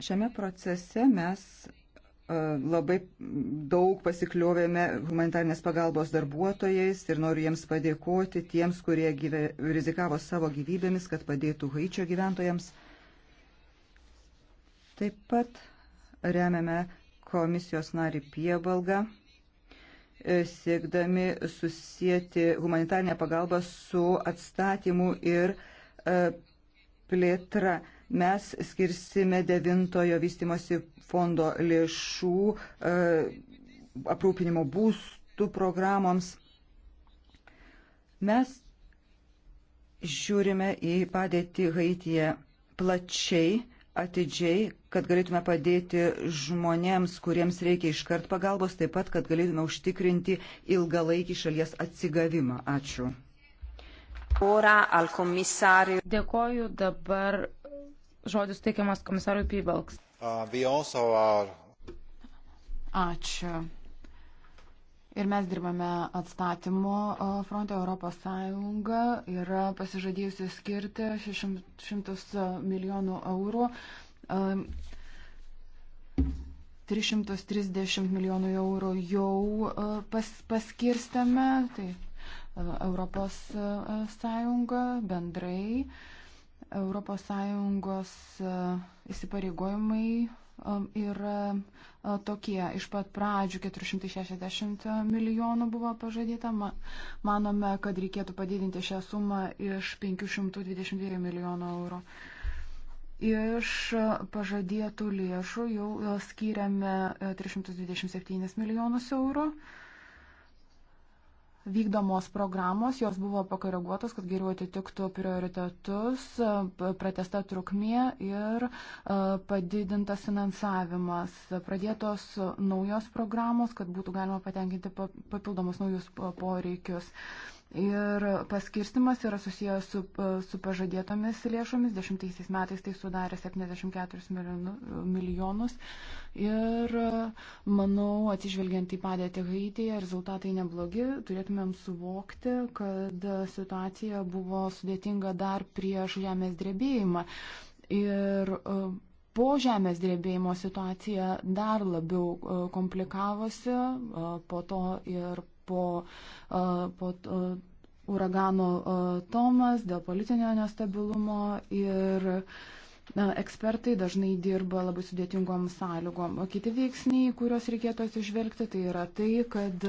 Šiame procese mes e, labai daug pasikliovėme humanitarnės pagalbos darbuotojais ir noriu jiems padėkoti tiems, kurie gyve, rizikavo savo gyvybėmis, kad padėtų Haičio gyventojams. Taip pat remiame komisijos narį Piebalgą, e, siekdami susijęti humanitarnę pagalbą su atstatymu ir e, plėtra. Uh, Mes skirsime devintojo vystimosi fondo lėšų e, aprūpinimo būstų programoms. Mes žiūrime į padėtį Haityje plačiai, atidžiai, kad galėtume padėti žmonėms, kuriems reikia iškart pagalbos, taip pat, kad galėtume užtikrinti ilgalaikį šalies atsigavimą. Ačiū. Dėkoju dabar žodis teikiamas komisarui Pybalks. Uh, are... Ačiū. Ir mes dirbame atstatymo fronte. Europos Sąjunga yra pasižadėjusi skirti 600 e, milijonų eurų. 330 e, milijonų eurų jau e, pas, paskirstame. Tai Europos Sąjunga bendrai. Uh, ES e, įsipareigojimai e, yra e, tokie. Iš pat pradžių 460 milijonų buvo pažadėta. Manome, kad reikėtų padidinti šią sumą iš 522 milijonų eurų. Iš pažadėtų lėšų jau skiriame 327 milijonus eurų vykdomos programos, jos buvo pakoreguotos, kad geriau atitiktų prioritetus, pratesta trukmė ir e, padidintas finansavimas. Pradėtos naujos programos, kad būtų galima patenkinti papildomus naujus poreikius. Ir paskirstimas yra susijęs su, e, su pažadėtomis lėšomis. Dešimtaisiais metais tai sudarė 74 milijonus. Ir e, manau, atsižvelgiant į padėtį Haityje, rezultatai neblogi. Turėtumėm suvokti, kad situacija buvo sudėtinga dar prieš žemės drebėjimą. Ir e, po žemės drebėjimo situacija dar labiau komplikavosi, po to ir po, po uragano Tomas, dėl politinio nestabilumo ir na, ekspertai dažnai dirba labai sudėtingom sąlygom. O kiti veiksniai, kuriuos reikėtų atsižvelgti, tai yra tai, kad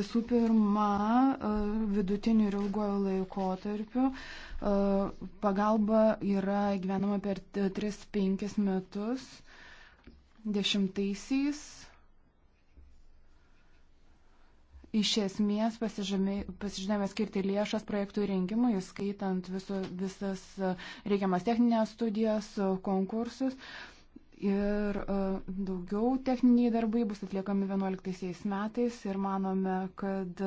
visų pirma vidutiniu ir ilgojo laikotarpiu pagalba yra gyvenama per 3-5 metus dešimtaisiais iš esmės pasižymėjome skirti lėšas projektų rengimui, skaitant visu, visas e, reikiamas techninės studijas, e, konkursus. Ir e, daugiau techniniai darbai bus atliekami 11 metais ir manome, kad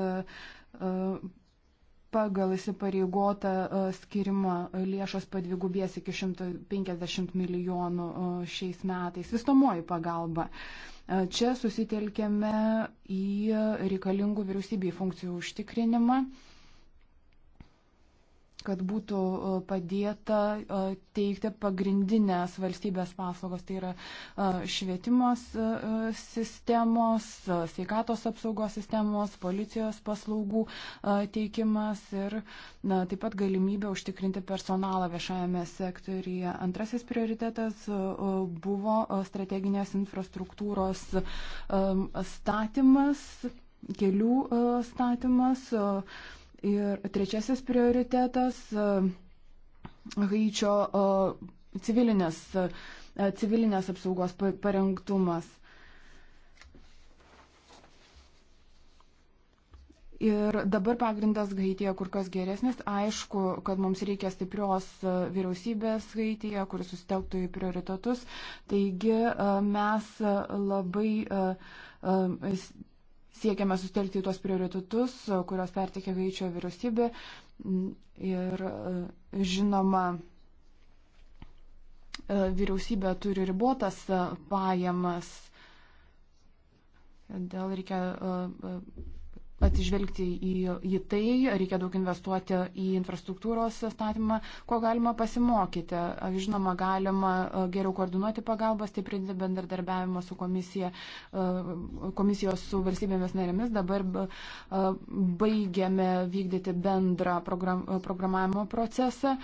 pagal įsipareigotą skirimą lėšos padvigubės iki 150 milijonų šiais metais. Vistomoji pagalba. Uh, E, čia susitelkėme į e, reikalingų vyriausybei funkcijų užtikrinimą kad būtų e, padėta e, teikti pagrindinės valstybės paslaugos, tai yra e, švietimos sistemos, sveikatos apsaugos sistemos, policijos paslaugų teikimas ir na, taip pat galimybė užtikrinti personalą viešajame sektorija. Antrasis prioritetas buvo strateginės infrastruktūros statymas, kelių statymas Ir trečiasis prioritetas e, Haičio e, civilinės, e, civilinės apsaugos parengtumas. Ir dabar pagrindas Haityje kur kas geresnis. Aišku, kad mums reikia stiprios vyriausybės Haityje, kuris sustelktų į prioritetus. Taigi mes labai siekiame sustelkti tuos prioritetus, e, kurios pertikė Gaičio vyriausybė. Mm, ir e, žinoma, e, vyriausybė turi ribotas pajamas. Dėl reikia atsižvelgti į, į tai, reikia daug investuoti į infrastruktūros statymą, ko galima pasimokyti. Žinoma, galima e, geriau koordinuoti pagalbą, stiprinti bendradarbiavimą su komisija, e, komisijos su valstybėmis narėmis. Dabar e, baigiame vykdyti bendrą program, programavimo procesą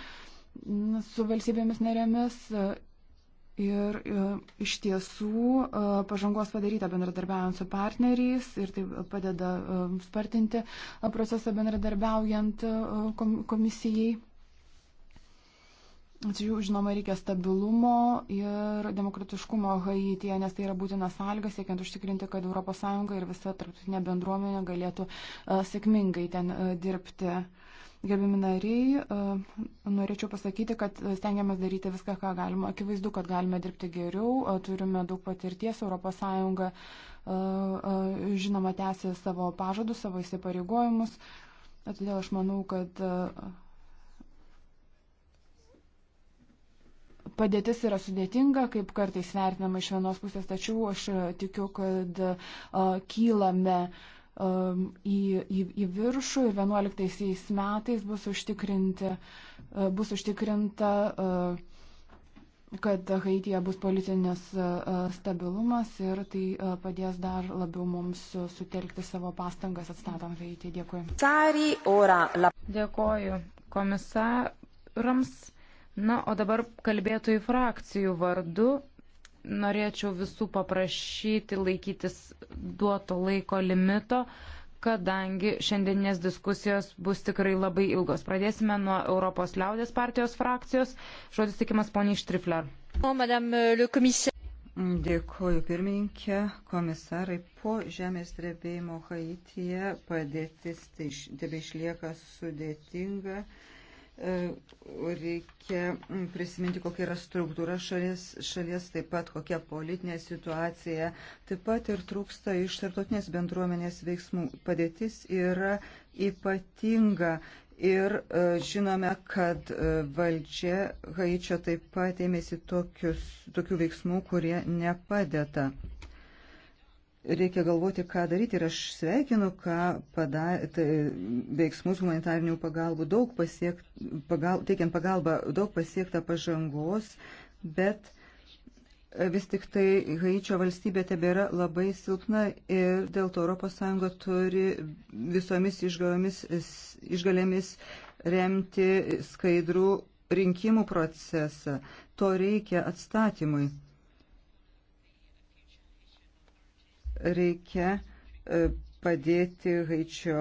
su valstybėmis narėmis Ir e, iš tiesų e, pažangos padaryta bendradarbiaujant su partneriais ir tai padeda e, spartinti procesą bendradarbiaujant komisijai. Čia, žinoma, reikia stabilumo ir demokratiškumo Haityje, nes tai yra būtina sąlyga, siekiant užtikrinti, kad ES ir visa tarptautinė bendruomenė galėtų sėkmingai ten dirbti. Gerbimi nariai, e, norėčiau pasakyti, kad stengiamės daryti viską, ką galima. Akivaizdu, kad galime dirbti geriau, e, turime daug patirties, ES e, žinoma tęsė savo pažadus, savo įsipareigojimus. Todėl aš manau, kad padėtis yra sudėtinga, kaip kartais vertinama iš vienos pusės, tačiau aš tikiu, kad kylame. Uh, um, į, į, į viršų ir 11 metais bus, užtikrinti, uh, bus užtikrinta, uh, kad Haityje bus politinis uh, stabilumas ir tai uh, padės dar labiau mums sutelkti savo pastangas atstatant Haitį. Dėkui. Dėkoju komisarams. Na, o dabar kalbėtų į frakcijų vardu norėčiau visų paprašyti laikytis duoto laiko limito, kadangi šiandieninės diskusijos bus tikrai labai ilgos. Pradėsime nuo Europos liaudės partijos frakcijos. Žodis tikimas poniai Štrifler. Euh, Dėkuoju pirmininkė, komisarai. Po žemės drebėjimo Haityje padėtis tebe tai išlieka sudėtinga. E, reikia mm, prisiminti, kokia yra struktūra šalies, šalies, taip pat kokia politinė situacija, taip pat ir trūksta iš tarptautinės bendruomenės veiksmų. Padėtis yra ypatinga ir e, žinome, kad e, valdžia Haičio taip pat ėmėsi tokius, tokių veiksmų, kurie nepadeda reikia galvoti, ką daryti. Ir aš sveikinu, ką padarė tai, veiksmus humanitarinių pagalbų, daug pasiekt, pagal, teikiant pagalbą, daug pasiekta pažangos, bet vis tik tai Haičio valstybė tebėra labai silpna ir dėl to ES turi visomis išgalėmis remti skaidrų rinkimų procesą. To reikia atstatymui. Reikia e, padėti Haičio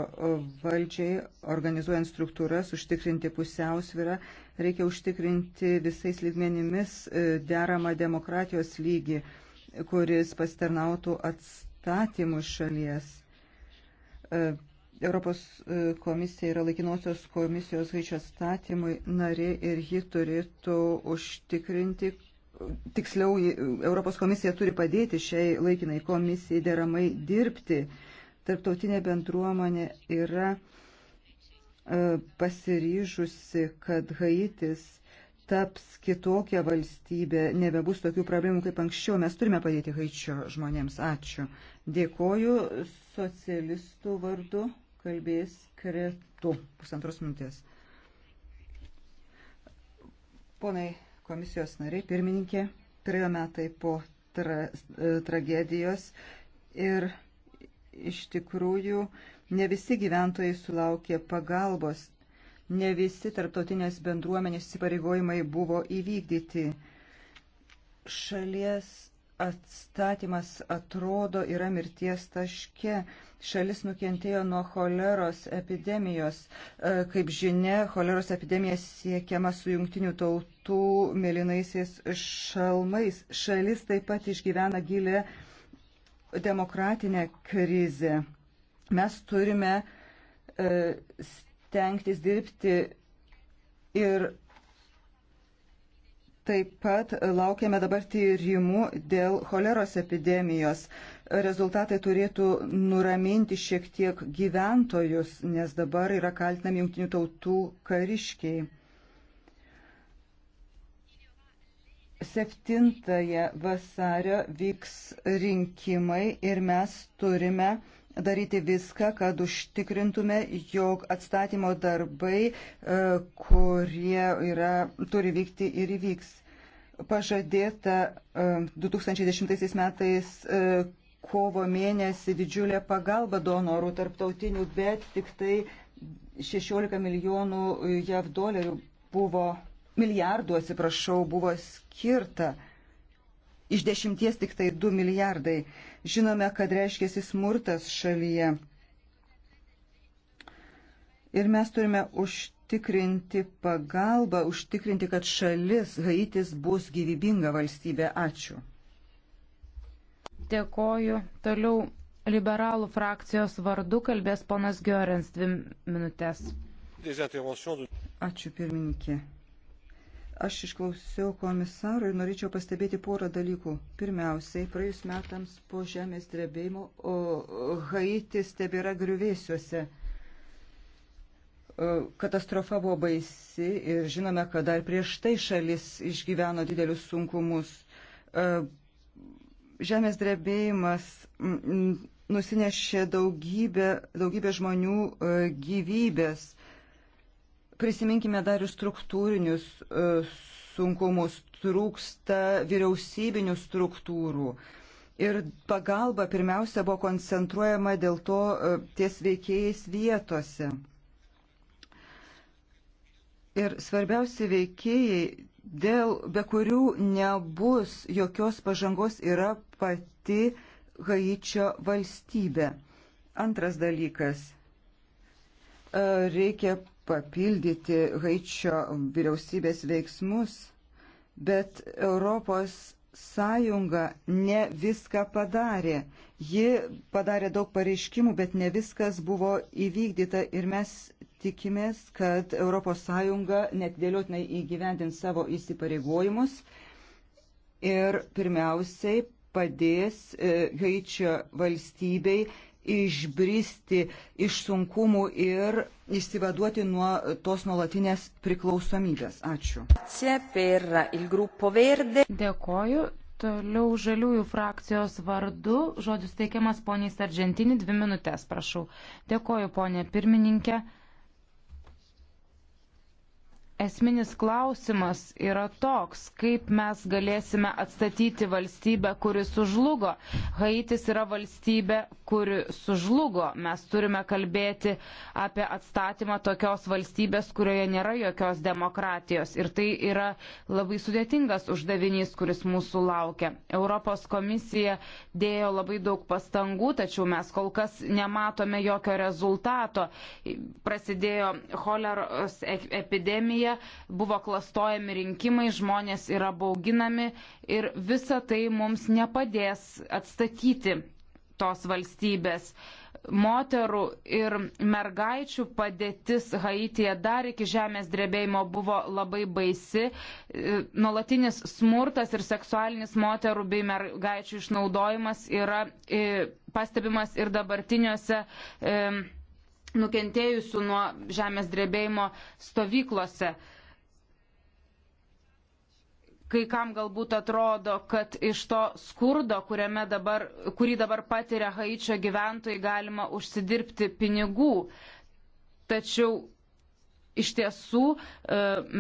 valdžiai, organizuojant struktūras, užtikrinti pusiausvyrą, reikia užtikrinti visais lygmenimis e, deramą demokratijos lygį, kuris pasitarnautų atstatymų šalies. E, Europos komisija yra laikinosios komisijos Haičio atstatymui nari ir ji turėtų užtikrinti, tiksliau Europos komisija turi padėti šiai laikinai komisijai deramai dirbti. Tarptautinė bendruomenė yra e, pasiryžusi, kad Haitis taps kitokia valstybė, nebebus tokių problemų kaip anksčiau. Mes turime padėti Haičio žmonėms. Ačiū. Dėkoju socialistų vardu, kalbės kretu. Pusantros minutės. Ponai komisijos nariai, pirmininkė, turėjo metai po tra, e, tragedijos ir iš tikrųjų ne visi gyventojai sulaukė pagalbos, ne visi tarptautinės bendruomenės įsipareigojimai buvo įvykdyti. Šalies atstatymas atrodo yra mirties taške. Šalis nukentėjo nuo choleros epidemijos. E, kaip žinia, choleros epidemija siekiama su jungtinių tautų mėlynaisiais šalmais. Šalis taip pat išgyvena gilę demokratinę krizę. Mes turime e, stengtis dirbti ir Taip pat laukiame dabar tyrimų dėl choleros epidemijos. Rezultatai turėtų nuraminti šiek tiek gyventojus, nes dabar yra kaltinami jungtinių tautų kariškiai. Septintąją vasario vyks rinkimai ir mes turime daryti viską, kad užtikrintume, jog atstatymo darbai, e, kurie yra, turi vykti ir įvyks. Pažadėta 2010 e, metais e, kovo mėnesį didžiulė pagalba donorų tarptautinių, bet tik tai 16 milijonų JAV dolerių buvo, milijardų atsiprašau, buvo skirta iš dešimties tik tai 2 milijardai. Žinome, kad reiškiasi smurtas šalyje. Ir mes turime užtikrinti pagalbą, užtikrinti, kad šalis Haitis bus gyvybinga valstybė. Ačiū. Dėkoju. Toliau liberalų frakcijos vardu kalbės ponas Giorens dvi minutės. Ačiū pirmininkė. Aš išklausiau komisarų ir norėčiau pastebėti porą dalykų. Pirmiausiai, praėjus metams po žemės drebėjimo o, Haitis tebėra griuvėsiuose. Katastrofa buvo baisi ir žinome, kad dar prieš tai šalis išgyveno didelius sunkumus. Žemės drebėjimas nusinešė daugybę, daugybę žmonių gyvybės Prisiminkime dar ir struktūrinius e, sunkumus, trūksta vyriausybinių struktūrų. Ir pagalba pirmiausia buvo koncentruojama dėl to e, ties veikėjais vietose. Ir svarbiausi veikėjai, dėl be kurių nebus jokios pažangos, yra pati Haičio valstybė. Antras dalykas. E, reikia papildyti Haičio vyriausybės veiksmus, bet Europos sąjunga ne viską padarė. Ji padarė daug pareiškimų, bet ne viskas buvo įvykdyta ir mes tikimės, kad ES netidėliotinai įgyvendins savo įsipareigojimus ir pirmiausiai padės e, Haičio valstybei išbristi iš sunkumų ir išsivaduoti nuo tos nuolatinės priklausomybės. Ačiū. Dėkoju. Toliau žaliųjų frakcijos vardu žodis teikiamas poniai Sargentini dvi minutės, prašau. Dėkoju, ponė pirmininkė esminis klausimas yra toks, kaip mes galėsime atstatyti valstybę, kuri sužlugo. Haitis yra valstybė, kuri sužlugo. Mes turime kalbėti apie atstatymą tokios valstybės, kurioje nėra jokios demokratijos. Ir tai yra labai sudėtingas uždavinys, kuris mūsų laukia. Europos komisija dėjo labai daug pastangų, tačiau mes kol kas nematome jokio rezultato. Prasidėjo choleros epidemija korupcija, buvo klastojami rinkimai, žmonės yra bauginami ir visa tai mums nepadės atstatyti tos valstybės. Moterų ir mergaičių padėtis Haityje dar iki žemės drebėjimo buvo labai baisi. E, Nolatinis smurtas ir seksualinis moterų bei mergaičių išnaudojimas yra e, pastebimas ir dabartiniuose. E, nukentėjusių nuo žemės drebėjimo stovyklose. Kai kam galbūt atrodo, kad iš to skurdo, dabar, kurį dabar patiria Haičio gyventojai, galima užsidirbti pinigų. Tačiau iš tiesų e,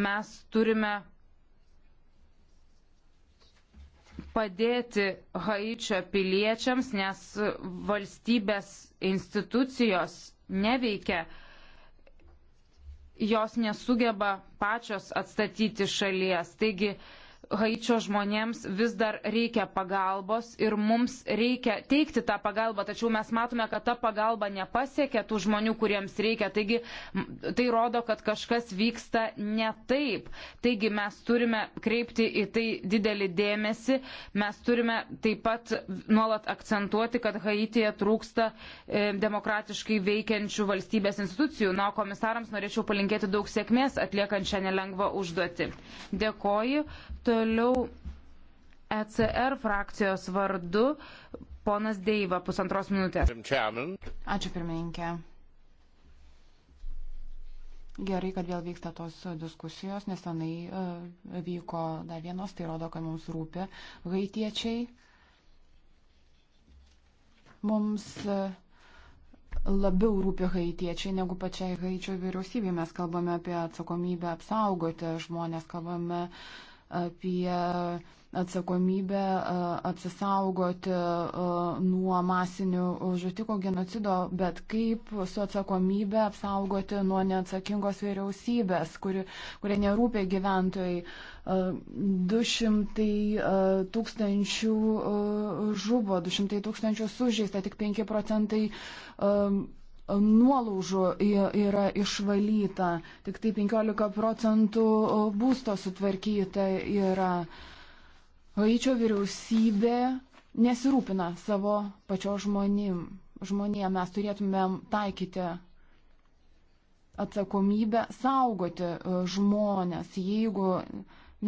mes turime padėti Haičio piliečiams, nes valstybės institucijos neveikia, jos nesugeba pačios atstatyti šalies. Taigi Haičio žmonėms vis dar reikia pagalbos ir mums reikia teikti tą pagalbą, tačiau mes matome, kad ta pagalba nepasiekia tų žmonių, kuriems reikia. Taigi tai rodo, kad kažkas vyksta ne taip. Taigi mes turime kreipti į tai didelį dėmesį. Mes turime taip pat nuolat akcentuoti, kad Haityje trūksta e, demokratiškai veikiančių valstybės institucijų. Na, komisarams norėčiau palinkėti daug sėkmės atliekant šią nelengvą užduotį. Dėkoju. Tu Toliau ECR frakcijos vardu ponas Deiva pusantros minutės. Ačiū pirmininkė. Gerai, kad vėl vyksta tos diskusijos, nes tenai e, vyko dar vienos, tai rodo, kad mums rūpi haitiečiai. Mums e, labiau rūpi haitiečiai negu pačiai haičio vyriausybei. Mes kalbame apie atsakomybę apsaugoti žmonės, kalbame apie atsakomybę apsisaugoti nuo masinių žutikų genocido, bet kaip su atsakomybė apsaugoti nuo neatsakingos vyriausybės, kuri, kurie nerūpia gyventojai. 200 tūkstančių žuvo, 200 tūkstančių sužeista, tik 5 procentai nuolaužų yra išvalyta, tik tai 15 procentų būsto sutvarkyta yra. Haičio vyriausybė nesirūpina savo pačio žmonim. Žmonėm mes turėtumėm taikyti atsakomybę saugoti e, žmonės. Jeigu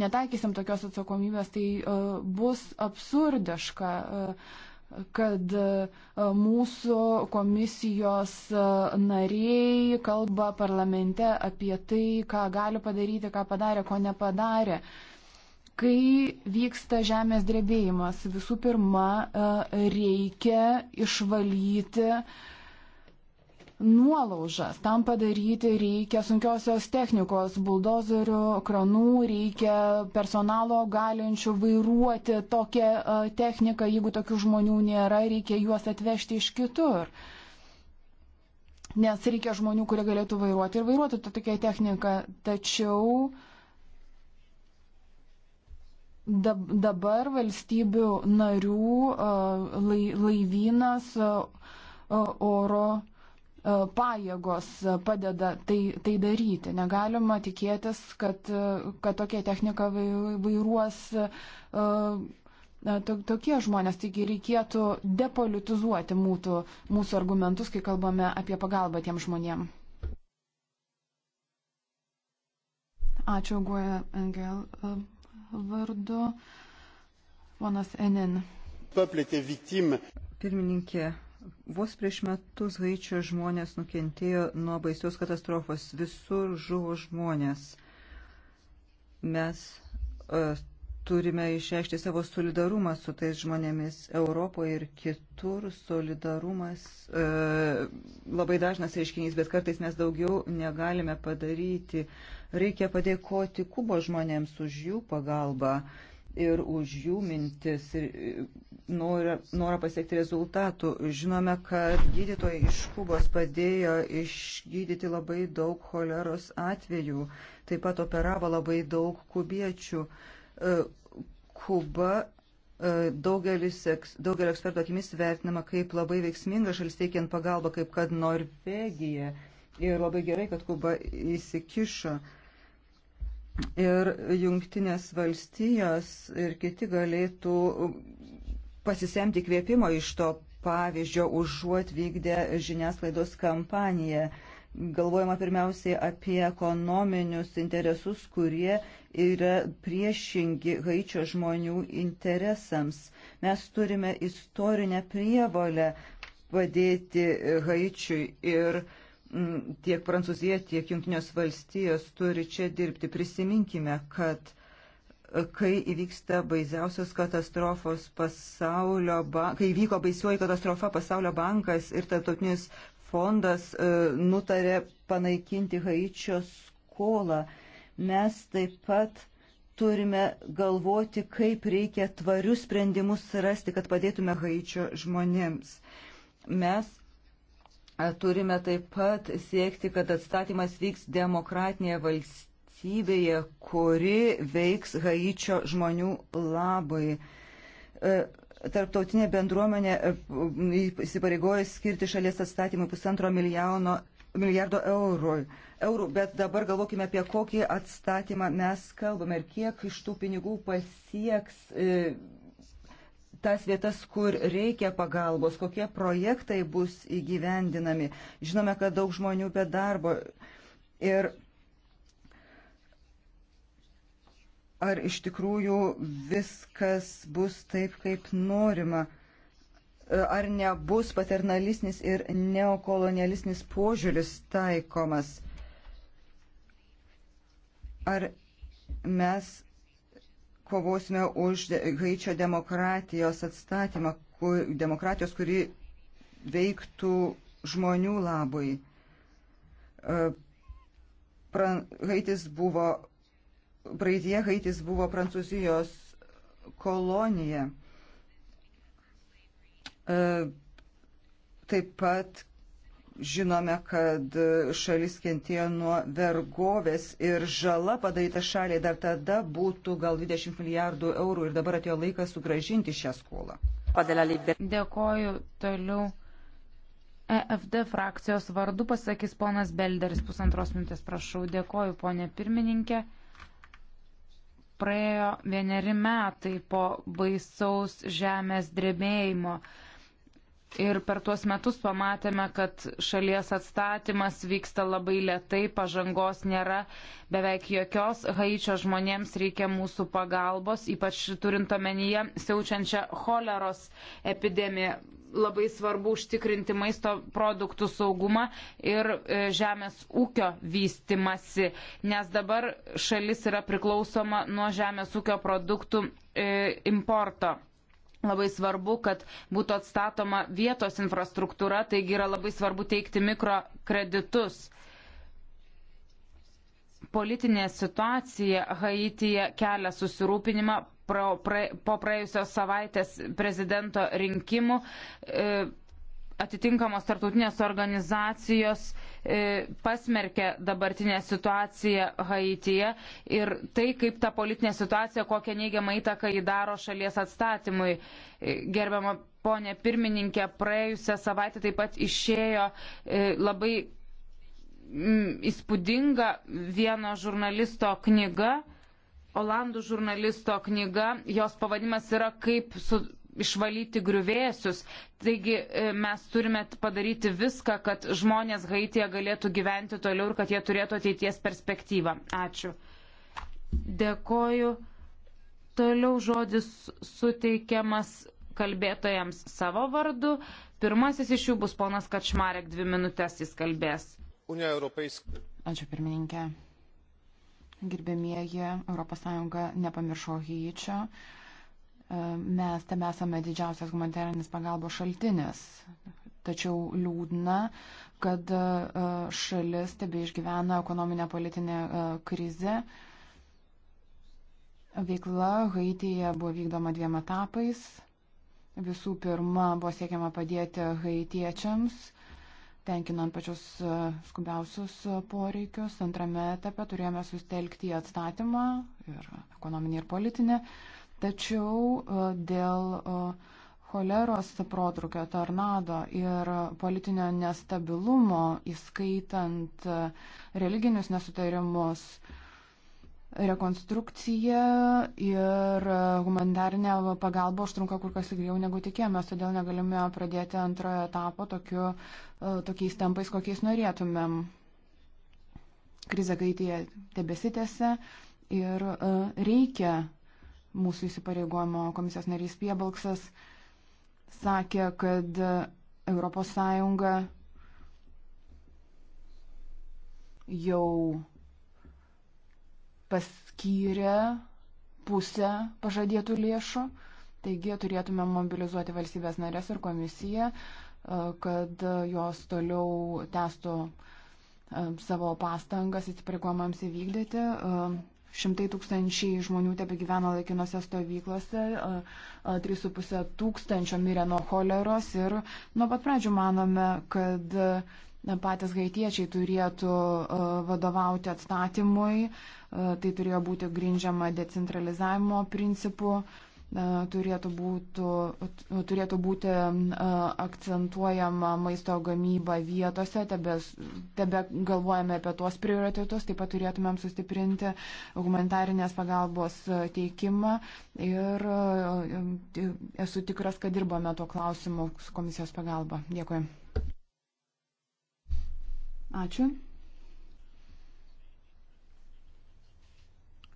netaikysim tokios atsakomybės, tai e, bus absurdiška. Uh, kad e, mūsų komisijos e, nariai kalba parlamente apie tai, ką gali padaryti, ką padarė, ko nepadarė. Kai vyksta žemės drebėjimas, visų pirma, e, reikia išvalyti uh, nuolaužas. Tam padaryti reikia sunkiosios technikos, buldozerių, kranų, reikia personalo galinčių vairuoti tokią techniką. Jeigu tokių žmonių nėra, reikia juos atvežti iš kitur. Nes reikia žmonių, kurie galėtų vairuoti ir vairuoti tokią techniką. Tačiau dabar valstybių narių laivynas oro E, pajėgos padeda tai, tai daryti. Negalima tikėtis, kad, e, kad tokia technika vairuos e, to, tokie žmonės. Taigi reikėtų depolitizuoti mūsų, mūsų argumentus, kai kalbame apie pagalbą tiem žmonėm. Ačiū, Guoja Engel vardu. Ponas Enin. Pirmininkė, Vos prieš metus Haičio žmonės nukentėjo nuo baisios katastrofos. Visur žuvo žmonės. Mes uh, turime išreikšti savo solidarumą su tais žmonėmis Europoje ir kitur. Solidarumas uh, labai dažnas reiškinys, bet kartais mes daugiau negalime padaryti. Reikia padėkoti Kubo žmonėms už jų pagalbą. Uh, ir už jų mintis ir e, norą, norą pasiekti rezultatų. Žinome, kad gydytojai iš Kubos padėjo išgydyti labai daug choleros atvejų, taip pat operavo labai daug kubiečių. E, Kuba e, daugelis, daugelio ekspertų akimis vertinama kaip labai veiksminga šalis teikiant pagalbą, kaip kad Norvegija. Ir labai gerai, kad Kuba įsikišo. Uh, ir jungtinės valstijos ir kiti galėtų pasisemti kvėpimo iš to pavyzdžio, užuot vykdę žiniasklaidos kampaniją. Galvojama pirmiausiai apie ekonominius interesus, kurie yra priešingi haičio žmonių interesams. Mes turime istorinę prievolę padėti haičiui ir uh, Mm, tiek Prancūzija, tiek Junktinės valstijos turi čia dirbti. Prisiminkime, kad e, kai įvyksta baisiausios katastrofos pasaulio, kai vyko baisioji katastrofa, pasaulio bankas ir tarptautinis fondas e, nutarė panaikinti Haičio skolą. Mes taip pat turime galvoti, kaip reikia tvarius sprendimus rasti, kad padėtume Haičio žmonėms. Mes Turime taip pat siekti, kad atstatymas vyks demokratinėje valstybėje, kuri veiks Haičio žmonių labai. E, tarptautinė bendruomenė e, įsipareigoja skirti šalies atstatymui pusantro milijono, milijardo eurų, eurų, bet dabar galvokime apie kokį atstatymą mes kalbame ir kiek iš tų pinigų pasieks. E, tas vietas, kur reikia pagalbos, kokie projektai bus įgyvendinami. Žinome, kad daug žmonių be darbo. Ir ar iš tikrųjų viskas bus taip, kaip norima? E, ar nebus paternalistinis ir neokolonialistinis požiūris taikomas? Ar mes kovosime už Haičio demokratijos atstatymą, demokratijos, kuri veiktų žmonių labui. E, Haitis buvo, praeitie Haitis buvo Prancūzijos kolonija. E, Taip pat Žinome, kad šalis kentėjo nuo vergovės ir žala padaryta šaliai dar tada būtų gal 20 milijardų eurų ir dabar atėjo laikas sugražinti šią skolą. Dėkoju toliau. EFD frakcijos vardu pasakys ponas Belderis pusantros minutės, prašau. Dėkoju, ponė pirmininkė. Praėjo vieneri metai po baisaus žemės drebėjimo. Ir per tuos metus pamatėme, kad šalies atstatymas vyksta labai lietai, pažangos nėra beveik jokios. Haičio žmonėms reikia mūsų pagalbos, ypač turint omenyje siaučiančią choleros epidemiją. Labai svarbu užtikrinti maisto produktų saugumą ir e, žemės ūkio vystimasi, nes dabar šalis yra priklausoma nuo žemės ūkio produktų e, importo. Labai svarbu, kad būtų atstatoma vietos infrastruktūra, taigi yra labai svarbu teikti mikrokreditus. Politinė situacija Haityje kelia susirūpinimą po praėjusios savaitės prezidento rinkimų. E, atitinkamos tartutinės organizacijos E, pasmerkė dabartinę situaciją Haityje ir tai, kaip ta politinė situacija, kokią neigiamą įtaką jį daro šalies atstatymui. E, gerbiama ponė pirmininkė, praėjusią savaitę taip pat išėjo e, labai įspūdinga vieno žurnalisto knyga olandų žurnalisto knyga, jos pavadimas yra kaip su, išvalyti griuvėsius. Taigi e, mes turime padaryti viską, kad žmonės Haityje galėtų gyventi toliau ir kad jie turėtų ateities perspektyvą. Ačiū. Dėkoju. Toliau žodis suteikiamas kalbėtojams savo vardu. Pirmasis iš jų bus ponas Kačmarek, dvi minutės jis kalbės. Ačiū pirmininkė. Gerbėmieji, ES nepamiršo Haičio. Uh, mes tam esame didžiausias humanitarinis pagalbos šaltinis. Tačiau liūdna, kad e, šalis tebe išgyvena ekonominę politinę e, krizę. Veikla Haityje buvo vykdoma dviem etapais. Visų pirma, buvo siekiama padėti haitiečiams, tenkinant pačius e, skubiausius poreikius. Antrame etape turėjome sustelkti į atstatymą ir ekonominį ir politinį. Uh, Tačiau e, dėl e, choleros protrukio, tornado ir politinio nestabilumo, įskaitant e, religinius nesutarimus, rekonstrukcija ir humanitarinė pagalba užtrunka kur kas ilgiau negu tikėjomės, todėl negalime pradėti antrojo etapo tokiu, tokiais tempais, kokiais norėtumėm. Krize Gaitėje tebesitėse ir reikia mūsų įsipareigojimo komisijos narys Piebalksas sakė, kad ES jau paskyrė pusę pažadėtų lėšų, taigi turėtume mobilizuoti valstybės narės ir komisiją, e, kad jos toliau testų e, savo pastangas įsipareigojimams įvykdyti. E, šimtai tūkstančiai žmonių tebe gyvena laikinose stovyklose, 3,5 tūkstančio mirė nuo choleros ir nuo pat pradžių manome, kad patys haitiečiai turėtų vadovauti atstatymui, tai turėjo būti grindžiama decentralizavimo principu. E, turėtų, būtų, turėtų būti e, akcentuojama maisto gamyba vietose, tebe, tebe galvojame apie tuos prioritetus, taip pat turėtumėm sustiprinti humanitarinės pagalbos teikimą ir e, esu tikras, kad dirbame tuo klausimu su komisijos pagalba. Dėkui. Ačiū.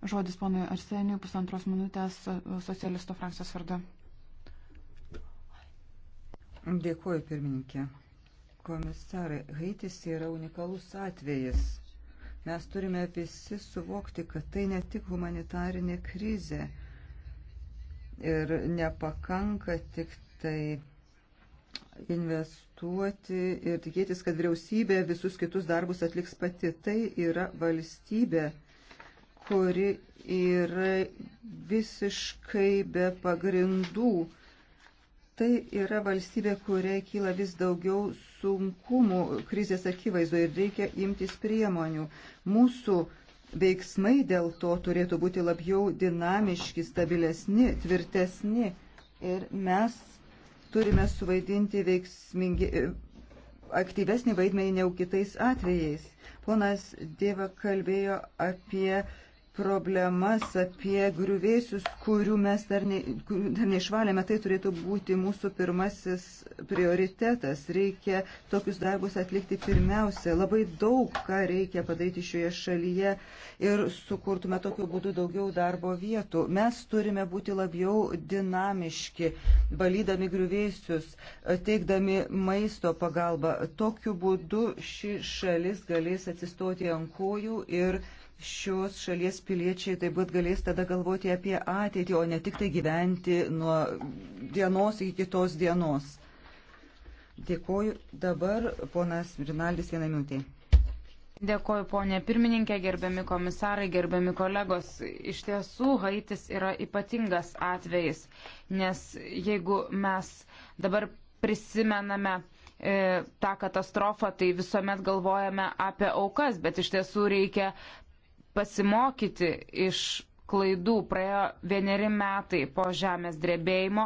Žodis ponui Arseniui, pusantros minutės socialisto frakcijos vardu. Dėkuoju, pirmininkė. Komisarai, Haitis yra unikalus atvejis. Mes turime visi suvokti, kad tai ne tik humanitarinė krizė ir nepakanka tik tai investuoti ir tikėtis, kad vyriausybė visus kitus darbus atliks pati. Tai yra valstybė kuri yra visiškai be pagrindų. Tai yra valstybė, kuriai kyla vis daugiau sunkumų krizės akivaizdoje ir reikia imtis priemonių. Mūsų veiksmai dėl to turėtų būti labiau dinamiški, stabilesni, tvirtesni. Ir mes turime suvaidinti veiksmingi, aktyvesnį vaidmenį negu kitais atvejais. Ponas Dieva kalbėjo apie problemas, apie griuvėsius, kurių mes dar, ne, kurių dar neišvalėme, tai turėtų būti mūsų pirmasis prioritetas. Reikia tokius darbus atlikti pirmiausia. Labai daug ką reikia padaryti šioje šalyje ir sukurtume tokiu būdu daugiau darbo vietų. Mes turime būti labiau dinamiški, valydami griuvėsius, teikdami maisto pagalbą. Tokiu būdu ši šalis galės atsistoti ant kojų ir šios šalies piliečiai taip pat galės tada galvoti apie ateitį, o ne tik tai gyventi nuo dienos iki kitos dienos. Dėkoju. Dabar ponas Rinaldis vieną minutę. Dėkoju, ponė pirmininkė, gerbiami komisarai, gerbiami kolegos. Iš tiesų, Haitis yra ypatingas atvejis, nes jeigu mes dabar prisimename e, tą katastrofą, tai visuomet galvojame apie aukas, bet iš tiesų reikia pasimokyti iš klaidų. Praėjo vieneri metai po žemės drebėjimo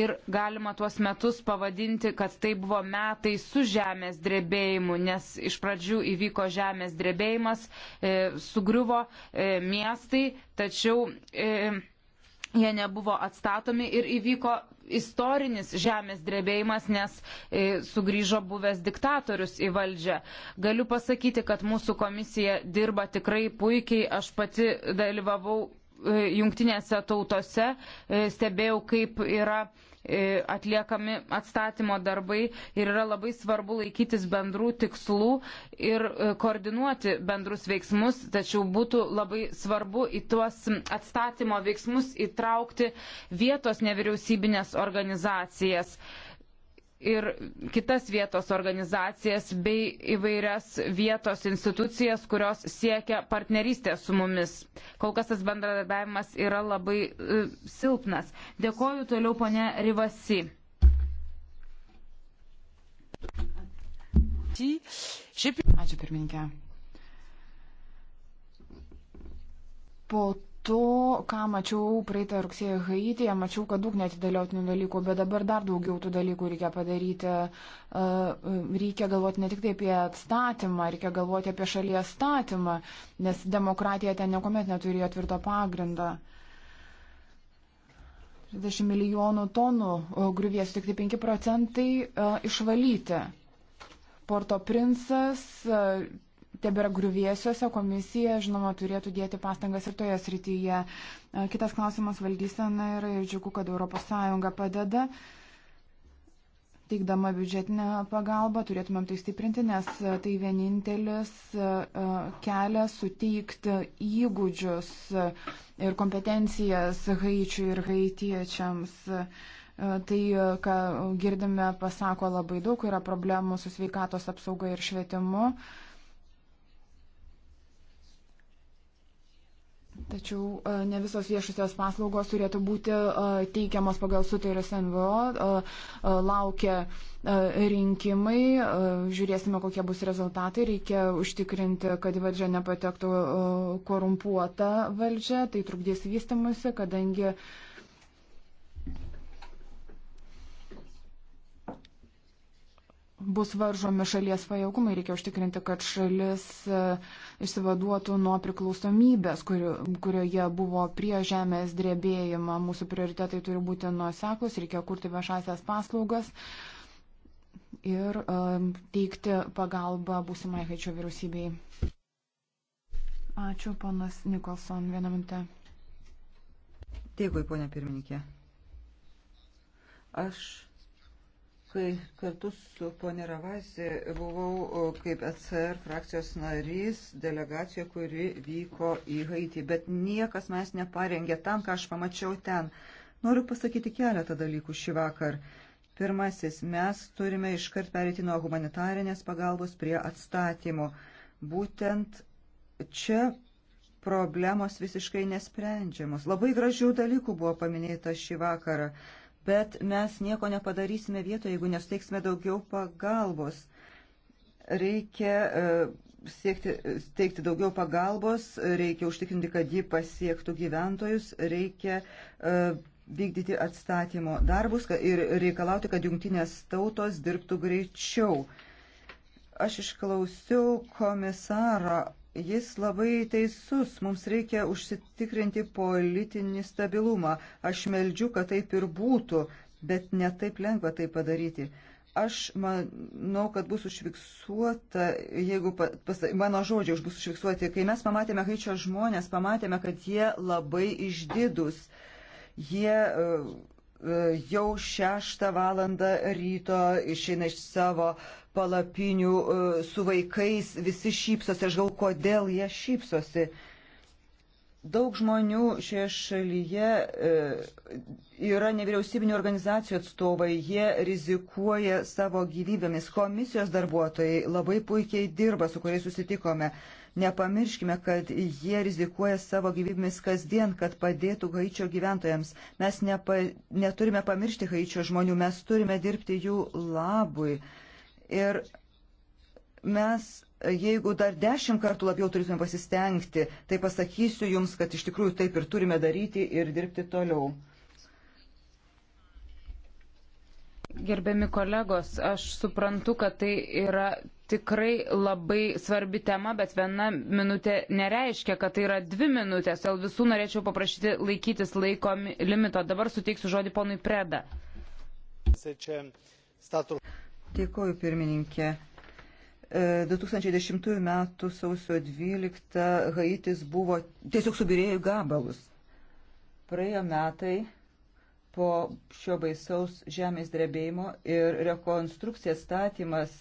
ir galima tuos metus pavadinti, kad tai buvo metai su žemės drebėjimu, nes iš pradžių įvyko žemės drebėjimas, e, sugriuvo e, miestai, tačiau e, jie nebuvo atstatomi ir įvyko istorinis žemės drebėjimas, nes e, sugrįžo buvęs diktatorius į valdžią. Galiu pasakyti, kad mūsų komisija dirba tikrai puikiai. Aš pati dalyvavau e, jungtinėse tautose, e, stebėjau, kaip yra E, atliekami atstatymo darbai ir yra labai svarbu laikytis bendrų tikslų ir e, koordinuoti bendrus veiksmus, tačiau būtų labai svarbu į tuos atstatymo veiksmus įtraukti vietos nevyriausybinės organizacijas ir kitas vietos organizacijas bei įvairias vietos institucijas, kurios siekia partnerystės su mumis. Kol kas tas bendradarbiavimas yra labai e, silpnas. Dėkoju toliau ponė Rivasi. Ačiū pirmininkė. Po to, ką mačiau praeitą rugsėją Haityje, mačiau, kad daug netidėliotinių dalykų, bet dabar dar daugiau tų dalykų reikia padaryti. Reikia galvoti ne tik tai apie atstatymą, reikia galvoti apie šalies statymą, nes demokratija ten niekuomet neturėjo tvirto pagrindo. 30 milijonų tonų grūvės, tik tai 5 procentai išvalyti. Porto Princas tebėra griuvėsiuose, komisija, žinoma, turėtų dėti pastangas ir toje srityje. Kitas klausimas valdysena yra ir džiugu, kad ES padeda. Teikdama biudžetinę pagalbą turėtumėm tai stiprinti, nes tai vienintelis kelias suteikti įgūdžius ir kompetencijas haičių ir haitiečiams. Tai, ką girdime, pasako labai daug, yra problemų su sveikatos apsauga ir švietimu. Uh, Tačiau e, ne visos viešusios paslaugos turėtų būti e, teikiamos pagal sutarius NVO. E, laukia rinkimai, žiūrėsime, kokie bus rezultatai. Reikia užtikrinti, kad į valdžią nepatektų korumpuota valdžia. Tai trukdys vystimusi, kadangi. Bus varžomi šalies pajėgumai, reikia užtikrinti, kad šalis uh, išsivaduotų nuo priklausomybės, kur, kurioje buvo prie žemės drebėjimą. Mūsų prioritetai turi būti nuoseklus, reikia kurti viešasias paslaugas ir um, teikti pagalbą būsimai Haičio vyriausybei. Ačiū, ponas Nikolson, vieną minutę. Dėkui, ponia pirmininkė. Aš kai kartu su ponė Ravazė buvau kaip ECR frakcijos narys delegacija, kuri vyko į Haitį, bet niekas mes neparengė tam, ką aš pamačiau ten. Noriu pasakyti keletą dalykų šį vakar. Pirmasis, mes turime iškart perėti nuo humanitarinės pagalbos prie atstatymo. Būtent čia problemos visiškai nesprendžiamos. Labai gražių dalykų buvo paminėta šį vakarą bet mes nieko nepadarysime vietoje, jeigu nesuteiksime daugiau pagalbos. Reikia e, siekti, teikti daugiau pagalbos, reikia užtikrinti, kad ji pasiektų gyventojus, reikia e, vykdyti atstatymo darbus ir reikalauti, kad jungtinės tautos dirbtų greičiau. Aš išklausiau komisarą Jis labai teisus, mums reikia užsitikrinti politinį stabilumą. Aš meldžiu, kad taip ir būtų, bet netaip lengva tai padaryti. Aš manau, kad bus užfiksuota, jeigu pas, mano žodžiai bus užfiksuoti, kai mes pamatėme haičio žmonės, pamatėme, kad jie labai išdidus. Jie uh, uh, jau šeštą valandą ryto išeina iš savo uh, palapinių e, su vaikais, visi šypsosi, aš galvoju, kodėl jie šypsosi. Daug žmonių šioje šalyje e, yra nevyriausybinio organizacijų atstovai, jie rizikuoja savo gyvybėmis. Komisijos darbuotojai labai puikiai dirba, su kuriais susitikome. Nepamirškime, kad jie rizikuoja savo gyvybėmis kasdien, kad padėtų Haičio gyventojams. Mes nepa, neturime pamiršti Haičio žmonių, mes turime dirbti jų labui. Uh, Ir mes, jeigu dar dešimt kartų labiau turėtume pasistengti, tai pasakysiu Jums, kad iš tikrųjų taip ir turime daryti ir dirbti toliau. Gerbiami kolegos, aš suprantu, kad tai yra tikrai labai svarbi tema, bet viena minutė nereiškia, kad tai yra dvi minutės. Dėl visų norėčiau paprašyti laikytis laiko limito. Dabar suteiksiu žodį ponui Preda. Statul... Dėkoju, pirmininkė. 2010 e, m. sausio 12 Haitis buvo tiesiog subirėjo į gabalus. Praėjo metai po šio baisaus žemės drebėjimo ir rekonstrukcija statymas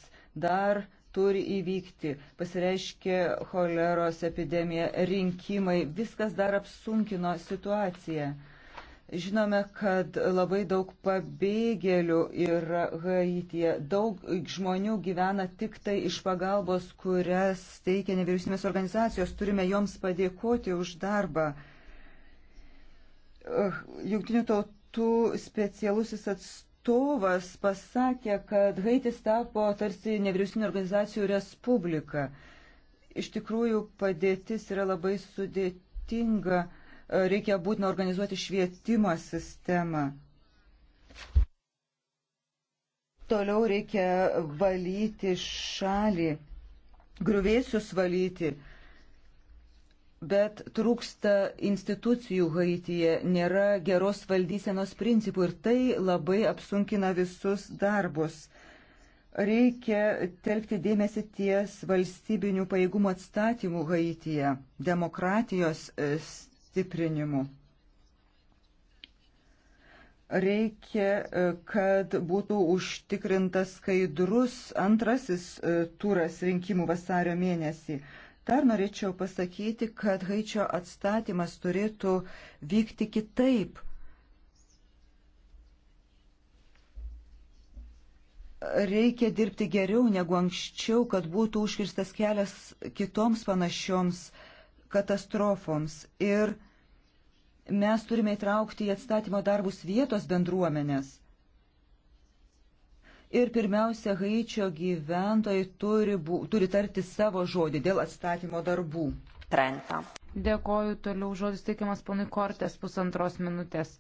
dar turi įvykti. Pasireiškė choleros epidemija, rinkimai, viskas dar apsunkino situaciją. Žinome, kad labai daug pabėgėlių yra Haityje. Daug žmonių gyvena tik tai iš pagalbos, kurias teikia nevyriausybės organizacijos. Turime joms padėkoti už darbą. Uh, Jungtinių tautų specialusis atstovas pasakė, kad Haitis tapo tarsi nevyriausybinio organizacijų respublika. Iš tikrųjų, padėtis yra labai sudėtinga reikia būtina organizuoti švietimo sistemą. Toliau reikia valyti šalį, gruvėsius valyti, bet trūksta institucijų Haityje, nėra geros valdysenos principų ir tai labai apsunkina visus darbus. Reikia telkti dėmesį ties valstybinių pajėgumų atstatymų Haityje, demokratijos stiprinimu. Reikia, e, kad būtų užtikrintas skaidrus antrasis e, turas rinkimų vasario mėnesį. Dar norėčiau pasakyti, kad Haičio atstatymas turėtų vykti kitaip. reikia dirbti geriau negu anksčiau, kad būtų užkirstas kelias kitoms panašioms katastrofoms ir mes turime įtraukti į atstatymo darbus vietos bendruomenės. Ir pirmiausia, Haičio gyventojai turi, bu, turi tarti savo žodį dėl atstatymo darbų. Trenta. Dėkoju, toliau žodis teikiamas ponui Kortės pusantros minutės.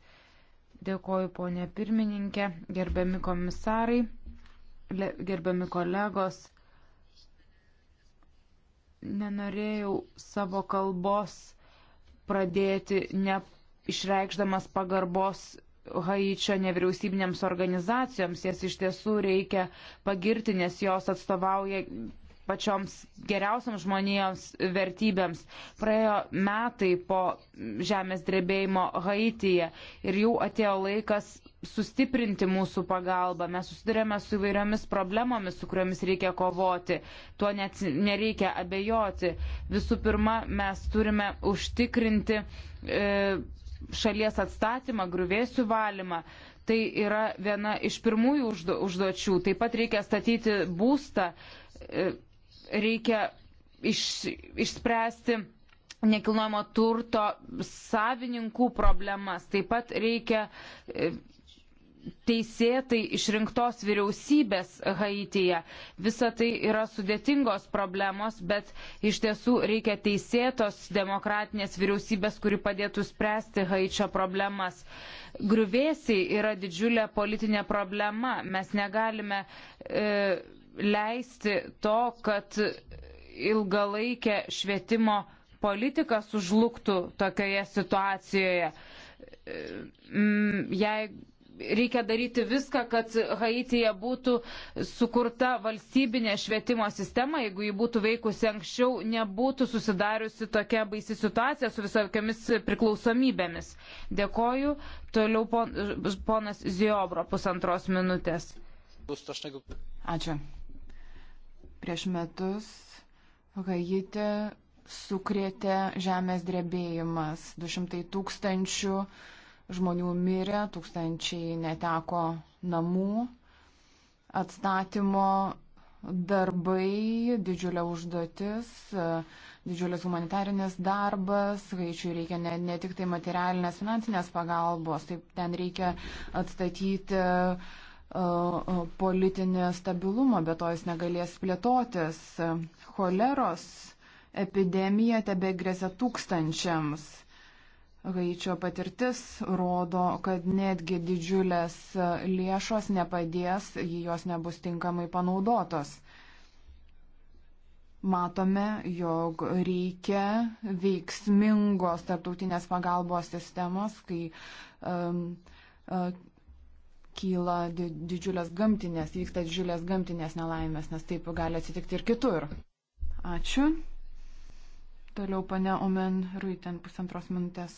Dėkoju, ponė pirmininkė, gerbiami komisarai, gerbiami kolegos nenorėjau savo kalbos pradėti ne išreikšdamas pagarbos Haičio nevyriausybinėms organizacijoms, jas iš tiesų reikia pagirti, nes jos atstovauja pačioms geriausiams žmonijos vertybėms. Praėjo metai po žemės drebėjimo Haityje ir jau atėjo laikas sustiprinti mūsų pagalbą. Mes susidurėme su įvairiomis problemomis, su kuriomis reikia kovoti. Tuo net nereikia abejoti. Visų pirma, mes turime užtikrinti e, šalies atstatymą, gruvėsių valymą. Tai yra viena iš pirmųjų užduočių. Taip pat reikia statyti būstą. E, reikia iš, išspręsti nekilnojamo turto savininkų problemas. Taip pat reikia e, teisėtai išrinktos vyriausybės Haityje. Visa tai yra sudėtingos problemos, bet iš tiesų reikia teisėtos demokratinės vyriausybės, kuri padėtų spręsti Haičio problemas. Griuvėsiai yra didžiulė politinė problema. Mes negalime. E, leisti to, kad ilgalaikė švietimo politika sužlugtų tokioje situacijoje. Mm, jei reikia daryti viską, kad Haityje būtų sukurta valstybinė švietimo sistema, jeigu ji būtų veikusi anksčiau, nebūtų susidariusi tokia baisi situacija su visokiamis priklausomybėmis. Dėkoju. Toliau pon, ponas Ziobro pusantros minutės. Ačiū. Prieš metus Haiti sukrėtė žemės drebėjimas. 200 tūkstančių žmonių mirė, tūkstančiai neteko namų, atstatymo darbai, didžiulė užduotis, didžiulis humanitarinis darbas, skaičiui reikia ne, ne tik tai materialinės finansinės pagalbos, taip ten reikia atstatyti uh, politinio stabilumo, bet to jis negalės plėtotis. Choleros epidemija tebe grėsia tūkstančiams. Haičio patirtis rodo, kad netgi didžiulės lėšos nepadės, jei jos nebus tinkamai panaudotos. Matome, jog reikia veiksmingos tarptautinės pagalbos sistemos, kai um, kyla didžiulės gamtinės, vyksta didžiulės gamtinės nelaimės, nes taip gali atsitikti ir kitur. Ačiū. Toliau pane Omen Ruiten pusantros minutės.